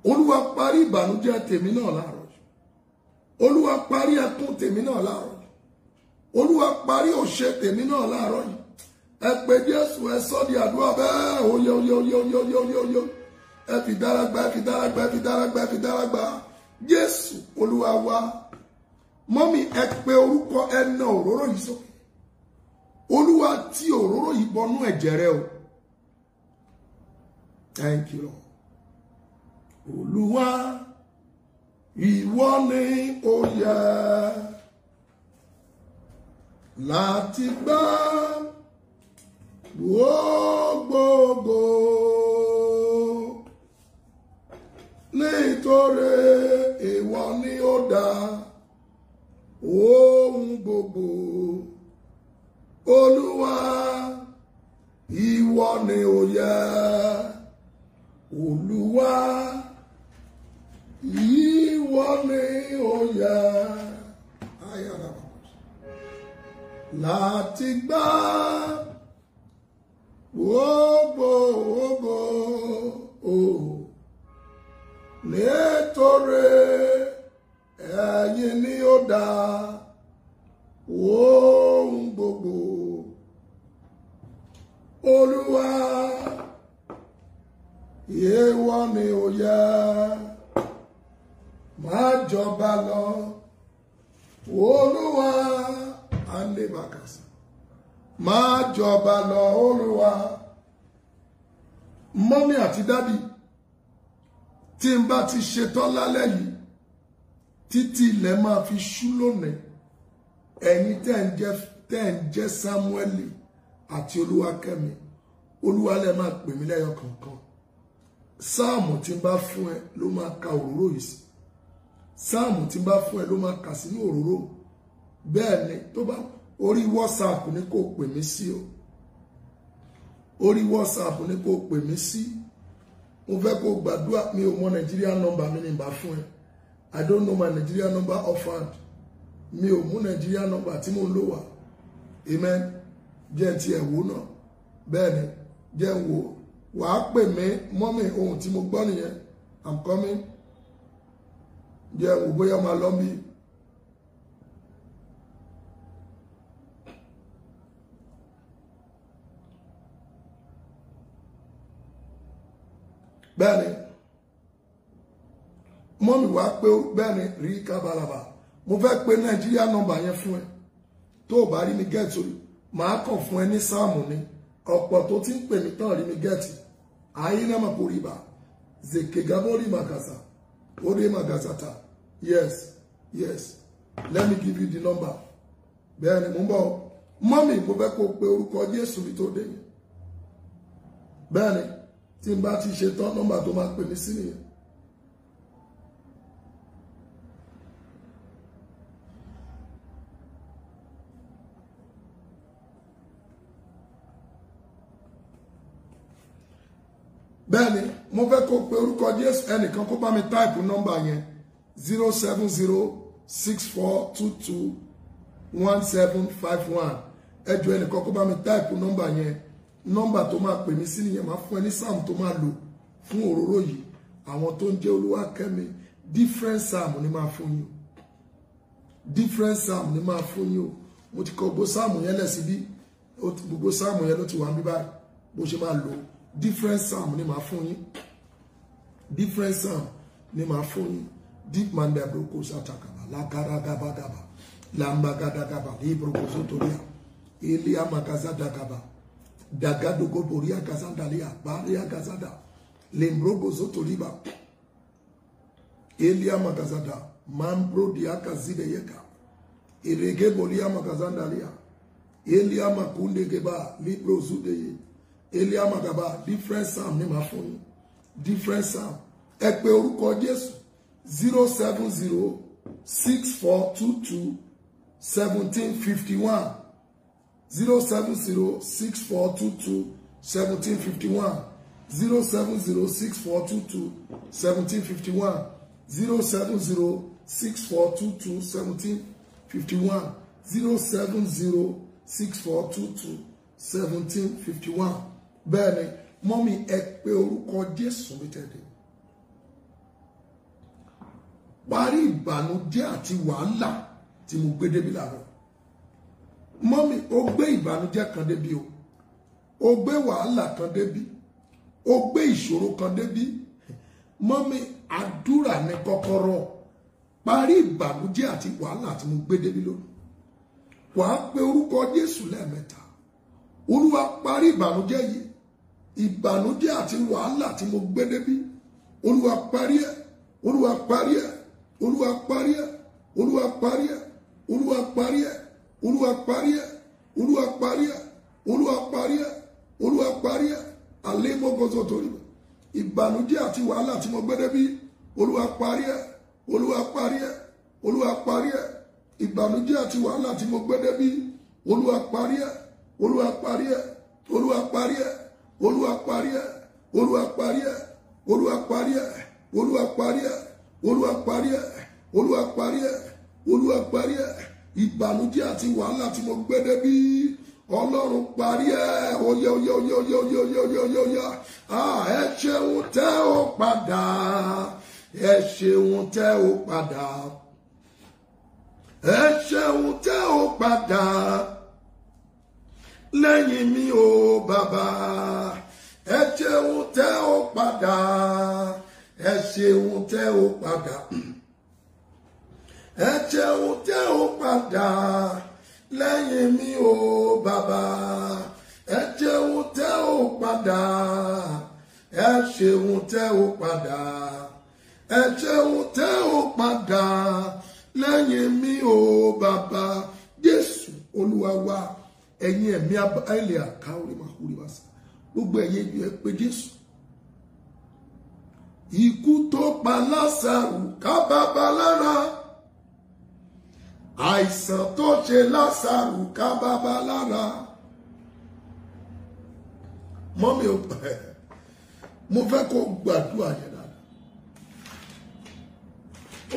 olúwa parí ìbànújẹ́ tèmi náà láàrọ̀ olúwa parí ẹkún tèmi náà láàrọ̀ olúwa parí òṣè tèmi náà láàrọ̀ yìí ẹ pé jésù ẹ sọ di àdúrà bẹ́ẹ̀ oyè oyè oyè oyè oyè oyè ẹ fi dára gbà ẹ fi dára gbà ẹ fi dára gbà ẹ fi dára gbà. Jésù Olúwa wa mọ́mì ẹ pe orúkọ ẹ na òróró yìí sókè Olúwa tí òróró yìí bọnú ẹ̀jẹ̀ rẹ o thank you Lord Olúwa ìwọ ni ó yẹ láti gbà gbogbogbò. nítorí ìwọ ni ó dá ohun gbogbo olúwa ìwọ ni ó yẹ olúwa ìwọ ni ó yẹ láti gbá gbogbo ògo. létore ẹ̀yin ni ó dáa ohun gbogbo olúwa ìwọ ni ó yẹ má jọba lọ olúwa àndébàkàsà má jọba lọ olúwa mọ́mí àti dábì tí n bá ti ṣetán lálẹ́ yìí títí ilẹ̀ máa fi ṣú lónìí ẹ̀yin tẹ́ ń jẹ́ Sámúẹ́lì àti Olúwakẹ́mi Olúwa lẹ máa pè mí lẹ́yọ kọ̀ọ̀kan sáàmù tí n bá fún ẹ ló máa ka òróró yìí sí sáàmù tí n bá fún ẹ ló máa kà sínú òróró bẹ́ẹ̀ ni tó bá orí wọ́sàpù ni kò pè mí sí o orí wọ́sàpù ni kò pè mí sí o mo fẹ́ kó gbàdúrà mi ò mọ nàìjíríà nọ́mbà mi ní ìbá fún ẹ i don't know my nigeria number offhand mi ò mú nàìjíríà nọ́mbà tí mò ń lò wá amen jẹ́ ti ẹ̀ wò náà bẹ́ẹ̀ ni jẹ́ ń wò wàá pè mí mọ́mì ohun tí mo gbọ́ nìyẹn i'm coming jẹ́ ń wò bóyá máa lọ́ bíi. bẹ́ẹ̀ ni wa pe pé bẹ́ẹ̀ ni mo fẹ́ pe nàìjíríà nọ́mbà yẹn fún ẹ tó o bá rí mi gẹ̀ẹ́tì màá kàn fún ẹ ní sáàmù ni ọ̀pọ̀ tó ti ń pè mí tán rí mi gẹ̀ẹ́tì ayé náà mà kò rí bá zèké gabori magasa magasata yes yes let me give you the number bẹ́ẹ̀ mo ń bọ̀ mọ́mì mo pe orúkọ jésù mi tó dé tí n bá ti ṣe tán nọ́mbà tó máa pè mí sí nìyẹn. bẹ́ẹ̀ni mo fẹ́ kó pe orúkọ jésù ẹnìkan kó bá mi táìpù nọ́mbà yẹn zero seven zero six four two two one seven five one ẹjọ ẹnìkan kó bá mi táìpù nọ́mbà yẹn nọ́mbà tó máa pè mí sí nìyẹn máa fún ẹ ní sam tó máa lò fún òróró yìí àwọn tó ń jẹ́ Olúwakẹ́mi different sam ni máa fún yín different sam ni máa fún yín o mo ti kọ gbogbo sam yẹn lẹ̀ síbí gbogbo sam yẹn ló ti wà ń bí báyìí bó ṣe máa lò different sam ni máa fún yín different sam ni máa fún yín deep man bẹ abroko satakaba lagaragabagaba lambagabagaba librokosotoria eliamakazadagaba. La dagadogo boria gazanda lia baria gazanda lembrogo zotoliba elia makazanda mambro diaka zide yeka irege boria makazanda lia elia makunde geba libro zude ye elia magaba different psalm ni ma fún yín different psalm ẹ pè orúkọ Jésù zero seven zero six four two two seventeen fifty zero seven zero six four two two seventeen fifty one zero seven zero six four two two seventeen fifty one zero seven zero six four two two seventeen fifty one zero seven zero six four two two seventeen fifty one bẹ́ẹ̀ ni mọ́mí ẹ pé orúkọ Jésù mi tẹ̀lé parí ìbànújẹ́ àti wàhálà tí mo gbé débi làwọn mọ́mì ó gbé ìbànújẹ́ kan débi o ó gbé wàhálà kan débi ó gbé ìṣòro kan débi mọ́mì àdúrà ní kọ́kọ́rọ́ parí ìbànújẹ́ àti wàhálà tí mo gbé débi lónìí wàá pe orúkọ Jésù lẹ́ẹ̀mẹ́ta olúwa parí ìbànújẹ́ yìí ìbànújẹ́ àti wàhálà tí mo gbé débi olúwa parí ẹ̀ olúwa parí ẹ̀ olúwa parí ẹ̀ olúwa parí ẹ̀ olúwa parí ẹ̀ olúwa parí ẹ̀ olúwa parí ẹ̀ olúwa parí ẹ̀ olúwa parí ẹ̀ alẹ́ mọ́gọ́sọ torí mi ìbànújẹ́ àti wàhálà tí mo gbẹ́dẹ́ bí olúwa parí ẹ̀ olúwa parí ẹ̀ olúwa parí ẹ̀ ìbànújẹ́ àti wàhálà tí mo gbẹ́dẹ́ bí olúwa parí ẹ̀ olúwa parí ẹ̀ olúwa parí ẹ̀ olúwa parí ẹ̀ olúwa parí ẹ̀ olúwa parí ẹ̀ olúwa parí ẹ̀ olúwa parí ẹ̀ olúwa parí ẹ̀ olúwa parí ẹ̀ ìbànújẹ́ àti wàhálà tí mo gbẹ́dẹ́ bí ọlọ́run parí ẹ̀ oyè oyè oyè oyè oyè oyè oyè oyè oyè ẹ ṣeun tẹ́ ó padà ẹ ṣeun tẹ́ ó padà ẹ ṣeun tẹ́ ó padà lẹ́yìn mi ò bàbá ẹ ṣeun tẹ́ ó padà ẹ ṣeun tẹ́ ó padà ẹ jẹun jẹ́ ó padà lẹ́yìn mi o bàbá ẹ jẹun tẹ́ ó padà ẹ ṣeun tẹ́ ó padà ẹ jẹun tẹ́ ó padà lẹ́yìn mi o bàbá Jésù Olúwa wa ẹ̀yin ẹ̀mí àìlè àkáwé máa kúrè wá sí gbogbo ẹ̀yin ẹ pé Jésù ikú tó pa Lásárù ká bàbá lára àìsàn tó ṣe lásàrù ká bàbá lára mọ́mí ò pẹ́ mo fẹ́ kó gbàdúrà yẹn dáadáa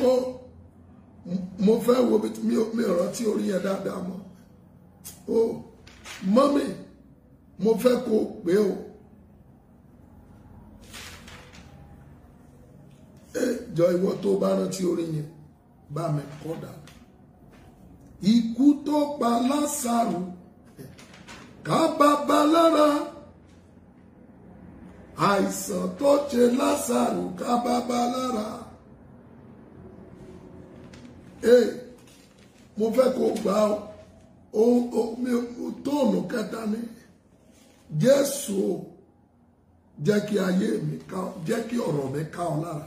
ó mo fẹ́ wo mi ò rántí orí yẹn dáadáa mọ́ ó mọ́mí mo fẹ́ kó pé o. jọ ìwọ tó bá rántí orí yẹn bá mi kọ́ dáadáa ikú tó pa lásàrò ká bàbá lára àìsàn tó ṣe lásàrò ká bàbá lára. Hey, eh, mo fẹ́ kó gbà ó tóònù kẹta ní Jésù o jẹ́ kí ayé mi ká jẹ́ kí ọ̀rọ̀ mi ká ọ lára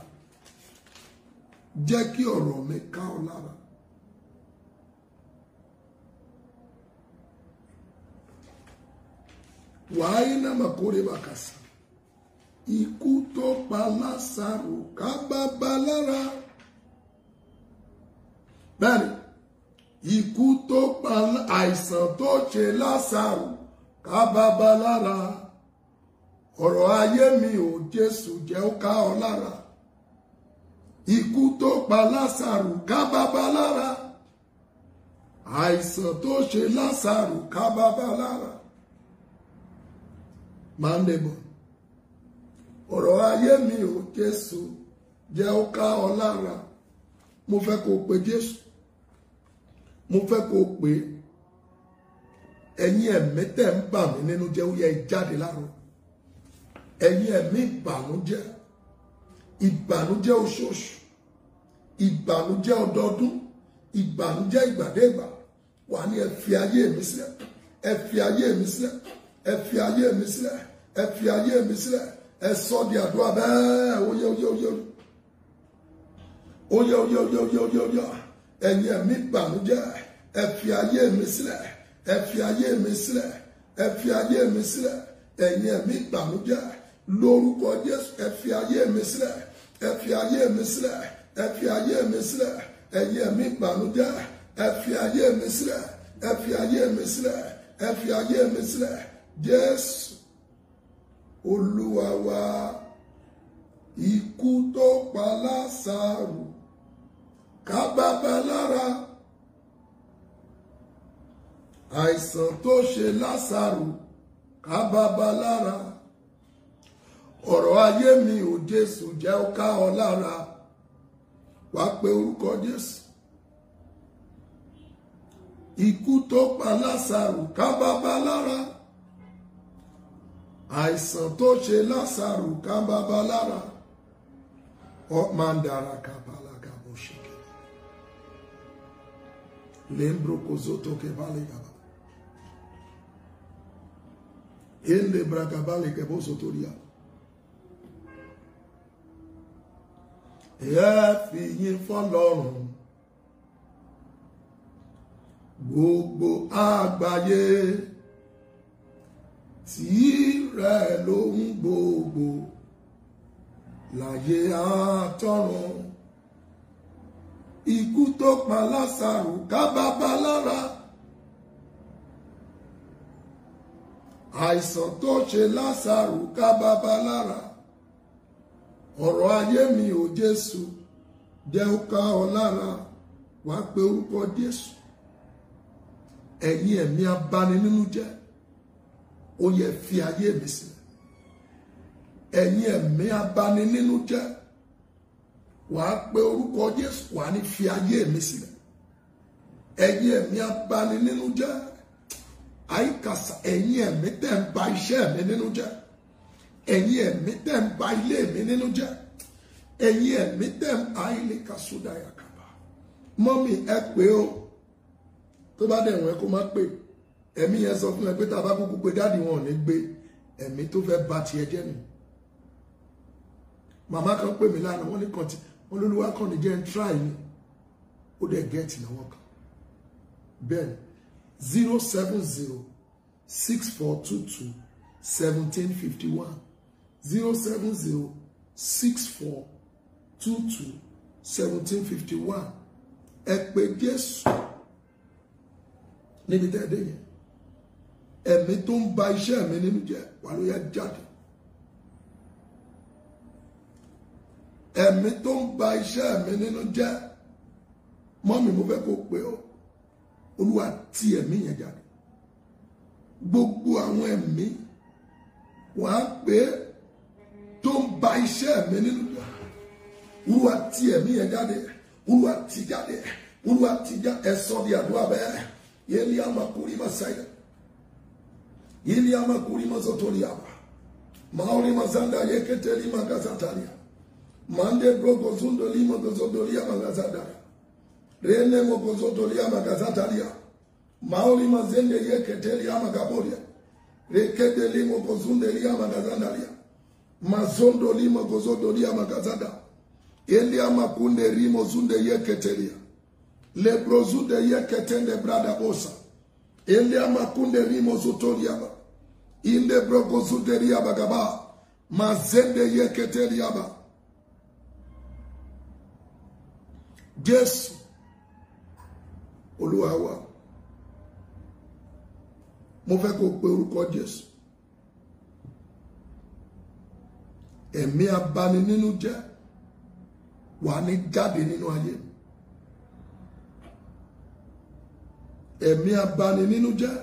jẹ́ kí ọ̀rọ̀ mi ká ọ lára. wàhálà màkórè bàkàsà ikú tó pa Lásárù ká bàbá lára bẹ́ẹ̀ni ikú tó pa àìsàn tó ṣe Lásárù ká lára ọ̀rọ̀ ayé mi ò Jésù jẹ́ ó ká ọ lára ikú tó pa Lásárù ká lára àìsàn tó ṣe Lásárù ká lára máa ń débò ọ̀rọ̀ ayé mi ò Jésù jẹ́ ó ká ọ lára mo fẹ́ kó o pe Jésù mo fẹ́ kó o pe ẹ̀yin ẹ̀mí tẹ̀ ń bà mí nínú jẹ́ ó yẹ jáde láàrọ̀ ẹ̀yin ẹ̀mí ìbànújẹ́ ìbànújẹ́ oṣooṣù ìbànújẹ́ ọdọọdún ìbànújẹ́ ìgbàdégbà wà ní ẹ fi ayé mi sílẹ̀ ẹ fi ayé mi sílẹ̀ ẹ fi ayé mi sílẹ̀ ẹ fi ayé mi sílẹ̀ ẹ sọ di àdúrà bẹ́ẹ̀ oyè oyè oyè oyè oyè oyè oyè oyè oyè ẹ̀yin ẹ̀mí bànújẹ́ ẹ fi ayé mi sílẹ̀ ẹ fi ayé mi sílẹ̀ ẹ fi ayé mi sílẹ̀ ẹ̀yin ẹ̀mí bànújẹ́ lórúkọ Jésù ẹ fi ayé mi sílẹ̀ ẹ ayé mi sílẹ̀ ẹ ayé mi sílẹ̀ ẹ̀yin ẹ̀mí bànújẹ́ ẹ ayé mi sílẹ̀ ẹ ayé mi sílẹ̀ ẹ ayé mi sílẹ̀ Jésù olúwa wa ikú tó pa lásàrò kábàbà lára àìsàn tó ṣe lásàrò kábàbà lára ayé mi ò jésù jẹ́ ó ká ọ lára wàá pe orúkọ jésù ikú tó pa lásàrò kábàbà àìsàn tó ṣe lásàrò ká bàbá lára ọ máa ń dára kàbàlàgà bó ṣe kẹlẹ lẹ́ńbrokozo tó kẹ bá lè gàbà ele brakaba lè kẹ bó so torí à. ẹ fi yín fọ́lọ́run gbogbo àgbáyé. tìrẹ ń gbogbo láyé àtọ̀run ikú tó pa Lásárù ká lára àìsàn tó ṣe Lásárù ká lára ọ̀rọ̀ ayé mi ò Jésù jẹ́ ó ká ọ lára wàá pe orúkọ Jésù ẹ̀yin ẹ̀mí abaninínú jẹ́ ó yẹ fi ayé mi sílẹ̀ ẹ̀yin ẹ̀mí abani nínú jẹ́ wàá pe orúkọ Jésù wàá ní fi ayé mi sílẹ̀ ẹ̀yin ẹ̀mí abani nínú jẹ́ àyíkàsá ẹ̀yin ẹ̀mí tẹ̀ ń ba iṣẹ́ mi nínú jẹ́ ẹ̀yin ẹ̀mí tẹ̀ ń ba ilé mi nínú jẹ́ ẹ̀yin ẹ̀mí tẹ̀ ń ba ilé kasúdà yàkàbà mọ́mì ẹ pé o tó bá dẹ̀ wọ́n ẹ kó má pè é ẹ̀mí yẹn sọ fún ẹ pé tá a bá kúkú pé dáàdì wọn ò ní gbé ẹ̀mí tó fẹ́ bà tiẹ̀ jẹ́ nù màmá kan pè mí lánàá wọ́n ní kàn tí wọ́n lólúwa kàn ní jẹ́ ń try ni ó dẹ̀ gẹ́ẹ̀tì lọ́wọ́ kan bẹ́ẹ̀ zero seven zero six four two two seventeen fifty one zero seven zero six four two two seventeen fifty one ẹ pè Jésù níbi tẹ́ ẹ dé yẹn ẹ̀mí tó ń ba iṣẹ́ mi nínú jẹ́ wà ló yẹ jáde ẹ̀mí tó ń ba iṣẹ́ mi nínú jẹ́ mọ́mì mo fẹ́ kó pe ọ́ olúwa ti ẹ̀mí yẹn jáde gbogbo àwọn ẹ̀mí wàá pé tó ń ba iṣẹ́ mi nínú jẹ́ olúwa ti ẹ̀mí yẹn jáde olúwa ti jáde olúwa ti jáde ẹ̀sọ́ di àdúrà bẹ́ẹ̀ yẹ́n ní àmàkùnrin máa ṣàyẹ̀. yiliama kulima zotoliama maolima zanda yekete lima gazatalia mande blogo zundo lima gozodoliama gazadaya rene mogozodoliama gazatalia maolima zende yekete liama gaboria rekede limo gozunde liama gazandalia mazondo limo gozodoliama magazada eliama kunde rimo zunde yeketelia lebrozunde yeketende brada bosa ele amakunde rimozutoriaba inde brogozuteriaba gaba mazende yeketeriaba jésù olúwa wa mo fẹ́ kó pe orúkọ jésù ẹ̀mí abaninínú jẹ́ wà ní jáde nínú ayé mi ẹ̀mí abani nínú jẹ́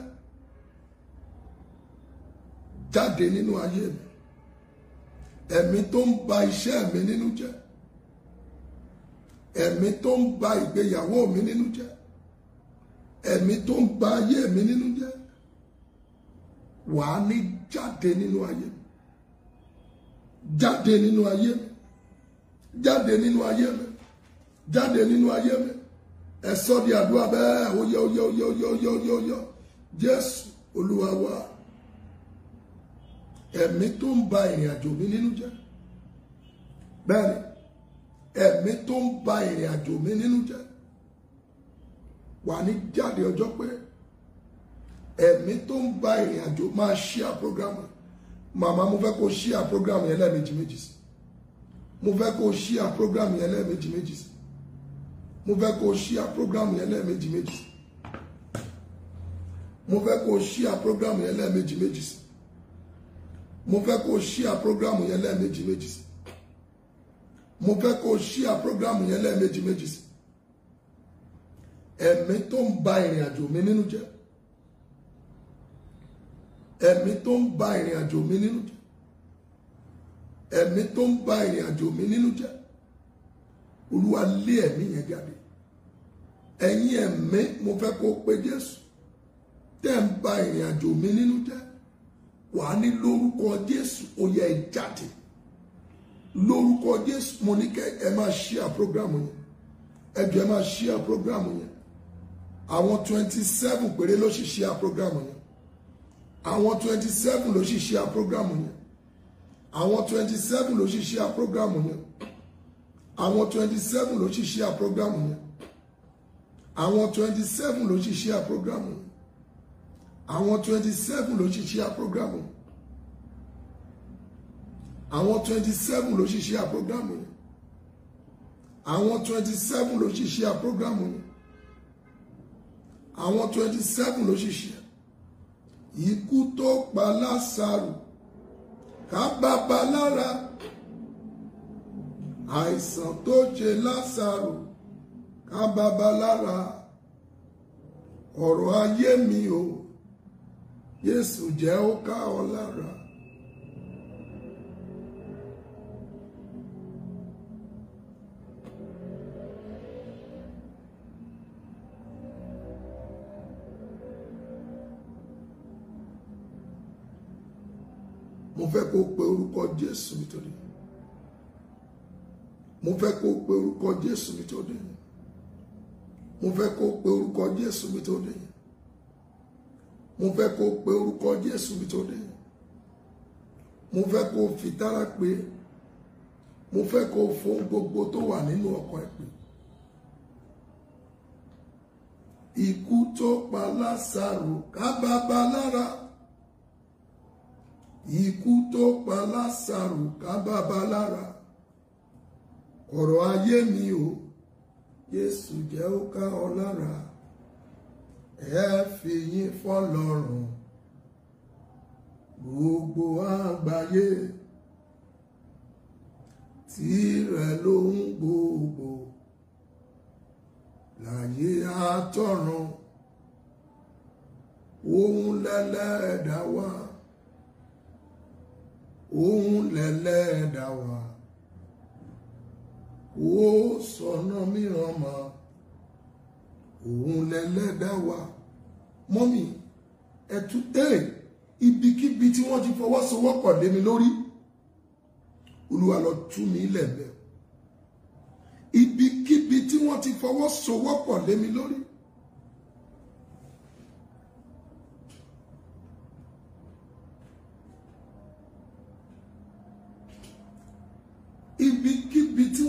jáde nínú ayé mi ẹ̀mí tó ń ba iṣẹ́ mi nínú jẹ́ ẹ̀mí tó ń ba ìgbéyàwó mi nínú jẹ́ ẹ̀mí tó ń ba ayé mi nínú jẹ́ wàá ní jáde nínú ayé mi jáde nínú ayé mi jáde nínú ayé mi jáde nínú ayé mi ẹ sọ di àdúrà bẹ́ẹ̀ oyè oyè oyè oyè oyè oyè oyè jésù olúwa wa ẹ̀mí tó ń ba ìrìn àjò mi nínú jẹ́ bẹ́ẹ̀ni ẹ̀mí tó ń ba ìrìn àjò mi nínú jẹ́ wà ní jáde ọjọ́ pé ẹ̀mí tó ń ba ìrìn àjò máa ṣí à program màmá mo fẹ́ kó ṣí à program yẹn lẹ́ẹ̀mejì méjì sí mo fẹ́ kó ṣí à program yẹn lẹ́ẹ̀mejì méjì sí mo fẹ́ kó o ṣíà prógrámù yẹn lẹ́ẹ̀mejì méjì mo fẹ́ kó o ṣíà prógrámù yẹn lẹ́ẹ̀mejì méjì mo fẹ́ kó o ṣíà prógrámù yẹn lẹ́ẹ̀mejì méjì mo fẹ́ kó o ṣíà prógrámù yẹn lẹ́ẹ̀mejì méjì ẹ̀mí tó ń ba ìrìn àjò mi nínú jẹ́ ẹ̀mí tó ń ba ìrìn àjò mi nínú jẹ́ ẹ̀mí tó ń ba ìrìn àjò mi nínú jẹ́ olúwa lé ẹ̀mí yẹn jáde ẹ̀yin ẹ̀mí mo fẹ́ kó pé jésù tẹ́ ń ba ìrìn àjò mi nínú jẹ́ wàá ní lórúkọ jésù ó yẹ ẹ jáde lórúkọ jésù mo ní kẹ́ ẹ máa ṣíà programu. yẹn ẹ jọ̀ọ́ ẹ máa ṣíà prógrámù yẹn àwọn twenty seven péré ló sì ṣíà prógrámù yẹn àwọn twenty seven ló sì ṣíà prógrámù yẹn àwọn twenty seven ló sì ṣíà prógrámù yẹn àwọn twenty seven ló sì ṣe program. yẹn àwọn twenty seven ló sì ṣe àprogramu àwọn twenty seven ló sì ṣe àprogramu àwọn twenty seven ló sì ṣe program. yẹn àwọn twenty seven ló sì ṣe program. yẹn àwọn twenty seven ló sì ṣe ikú tó pa Lásárù ká bá ba lára àìsàn tó ṣe lásàrò ká bàbá lára ọ̀rọ̀ ayé mi o Jésù jẹ́ ó ká ọ lára. mo fẹ́ kó pe orúkọ Jésù nítorí mo fẹ́ kó pe orúkọ Jésù mi tó dé yẹn mo fẹ́ kó pe orúkọ Jésù mi tó dé yẹn mo fẹ́ kó pe orúkọ Jésù mi tó dé mo fẹ́ kó fi pé mo fẹ́ kó fún gbogbo tó wà nínú ọkọ ẹ pé ikú tó pa Lásárù kábàbà lára ikú tó pa Lásárù kábàbà lára ọ̀rọ̀ ayé mi o Jésù jẹ́ ó ká ọ lára ẹ fi yín fọ́lọ́run gbogbo àgbáyé tirẹ̀ ló ń gbogbo láyé àtọ̀run òun lẹ́lẹ́dàá wa òun lẹ́lẹ́dàá wa ó sọ̀nà mìíràn mọ́ òun lẹ́lẹ́dá wa mọ́mì ẹ̀tú ẹ̀ ibikíbi tí wọ́n ti fọwọ́sowọ́pọ̀ lé mi lórí olúwa lọ tú mi lẹ̀ bẹ́ẹ̀ ibikíbi tí wọ́n ti fọwọ́sowọ́pọ̀ lé mi lórí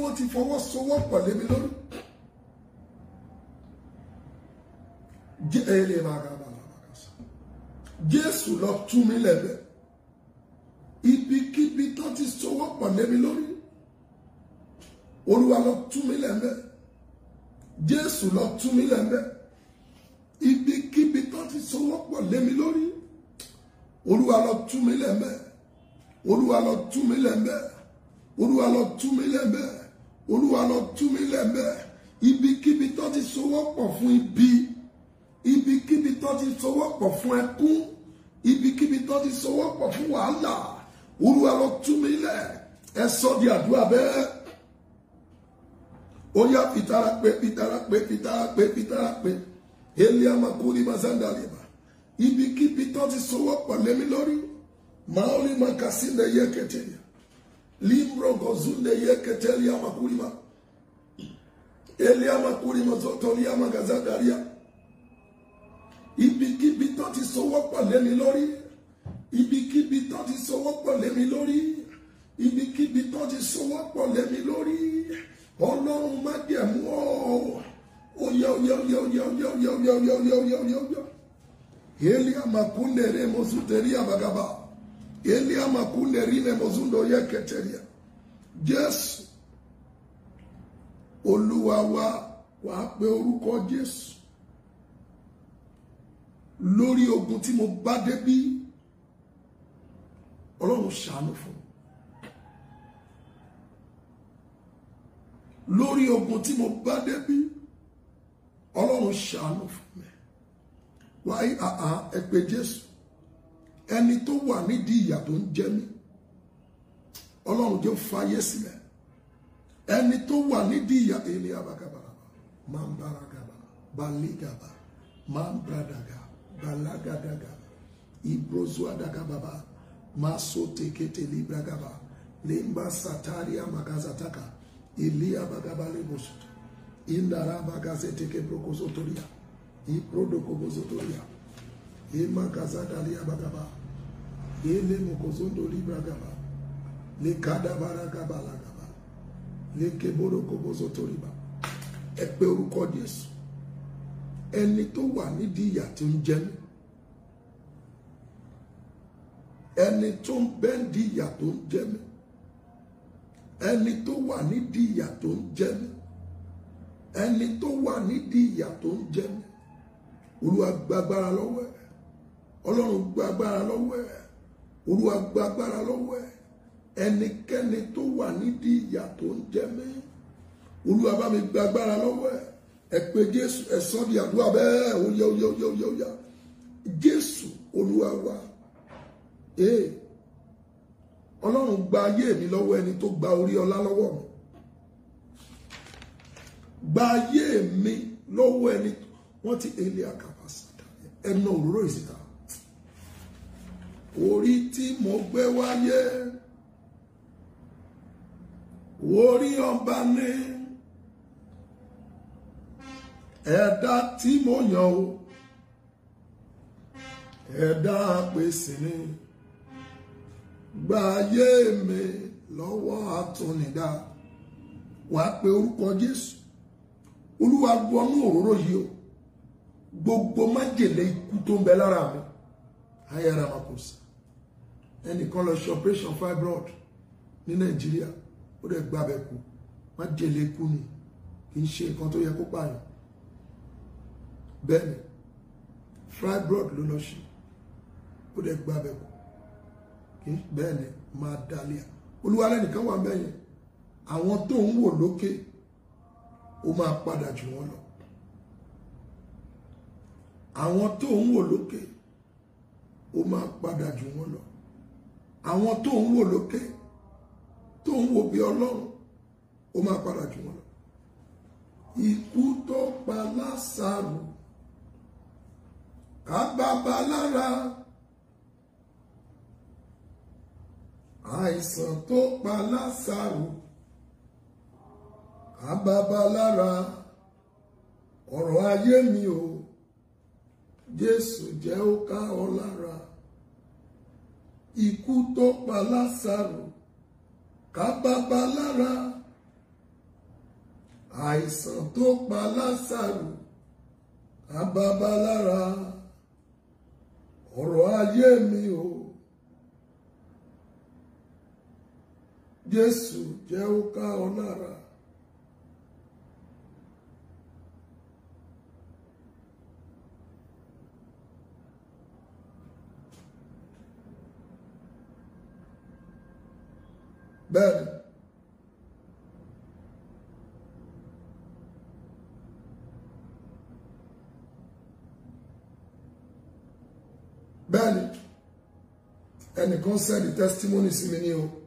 wọ́n ti fọwọ́sowọ́pọ̀ lémi lórí. Eh, Jésù lọ tú mi lẹ́bẹ̀. Ibikíbi tó ti sowọ́pọ̀ lémi lórí. Olúwa lọ tú mi lẹ́bẹ̀. Jésù lọ tú mi lẹ́bẹ̀. Ibikíbi tó ti sowọ́pọ̀ lémi lórí. Olúwa lọ tú mi lẹ́bẹ̀. Olúwa lọ tú mi lẹ́bẹ̀. Olúwa lọ tú mi lẹ́bẹ̀ olúwa lọ tú mi lẹ́mẹ̀ ibikíbi tó ti sowọ́pọ̀ fún ibi ibikíbi tó ti sowọ́pọ̀ fún ẹkún ibikíbi tó ti sowọ́pọ̀ fún wàhálà olúwa lọ tú mi lẹ̀ ẹ sọ di àdúrà bẹ́ẹ̀ ó yá fìtara pé fìtara pé fìtara pé fìtara pé eliamakuri mazandalima ibikíbi tó ti sowọ́pọ̀ lémi lórí màá rí màkà sílẹ̀ yẹ́kẹ̀tẹ̀ yẹn limro gozunde yeketelia makulima elia makulima zotolia magazagaria ibikíbi tán ti sowọ́pọ̀ lé mi lórí ibikíbi tán ti sowọ́pọ̀ lé mi lórí ibikíbi tán ti sowọ́pọ̀ lé mi lórí ọlọ́run má jẹ̀mú ọ́ oyè oyè oyè oyè oyè oyè oyè oyè oyè oyè oyè oyè elia makunde re mosuteria bagaba elia makunde rine mozundo yeketeria jésù olúwa wa wàá pe orúkọ jésù lórí ogun tí mo bá débí ọlọ́run ṣàánú fún mi lórí ogun tí mo bá débí ọlọ́run ṣàánú fún mi wáyé àhán ẹ pé jésù ẹni tó wà nídìí ìyà tó ń jẹ mí ọlọ́run jẹ́ fàyè sílẹ̀ ẹni tó wà nídìí ìyà èlé abagabara máa ń bára gàba balégàba máa ń bradaga balagadaga ibrozu adagababa máa so tekete libragaba lemba satari amagazataka èlé abagaba lebosoto indara abagazeteke brokozotoria ibrodokobozotoria emagazadali abagaba ele mokosondo libragaba le kadabaragabalagaba le keborokobosotoriba ẹ pe orúkọ Jésù ẹni tó wà nídìí ìyà tó ń jẹ mí ẹni tó ń bẹ nídìí ìyà tó ń jẹ mí ẹni tó wà nídìí ìyà tó ń jẹ mí ẹni tó wà nídìí ìyà tó ń jẹ mí Olúwa ẹ Ọlọ́run gba agbára ẹ olúwa gba agbára lọ́wọ́ ẹ ẹnikẹ́ni tó wà nídìí ìyà tó ń jẹ mí olúwa bá mi gba agbára lọ́wọ́ ẹ ẹ pé jésù ẹ sọ di àdúrà bẹ́ẹ̀ oyè oyè oyè oyè oyè jésù olúwa wa ee ọlọ́run gba ayé mi lọ́wọ́ ẹni tó gba orí ọlá lọ́wọ́ mi gba ayé mi lọ́wọ́ ẹni wọ́n ti èlé àkàbà síta òróró ìsìta orí tí mo gbé wáyé orí ọba ní ẹ̀dá tí mo yàn o ẹ̀dá apèsè ni gba ayé mi lọ́wọ́ àtúnidá wàá pe orúkọ Jésù olúwa gbọnú òróró yìí o gbogbo májèlé ikú tó ń bẹ lára mi ayára máa kò sí ẹnìkan lọ ṣe operation fibroid ní nàìjíríà ó dẹ̀ gbàbẹ̀ kú má jèlé kú ni kì í ṣe nǹkan tó yẹ kó pààyàn bẹ́ẹ̀ ni fibroid ló lọ ṣe ó dẹ̀ gbàbẹ̀ kú kì í bẹ́ẹ̀ ni máa dalẹ̀ olúwarẹ́nìkan wà mẹ́yìn àwọn tó ń wò lókè ó máa padà jù wọ́n lọ àwọn tó ń wò lókè ó máa padà jù wọ́n lọ àwọn tó ń wò lókè tó ń wò bí ọlọ́run ó máa padà jù wọn lọ ikú tó pa lásàrò àbàbà lára àìsàn tó pa lásàrò àbàbà lára ọ̀rọ̀ ayé mi o Jésù jẹ́ ó ká ọ lára. ikú tó pa lásàrò ká bàbá lára àìsàn tó pa lásàrò ká bàbá lára ọ̀rọ̀ ayé mi o Jésù jẹ́ ó ká ọ lára. bẹ́ẹ̀ ni and ni ẹnìkan sẹ́ẹ̀dì testimony sí mi ní o.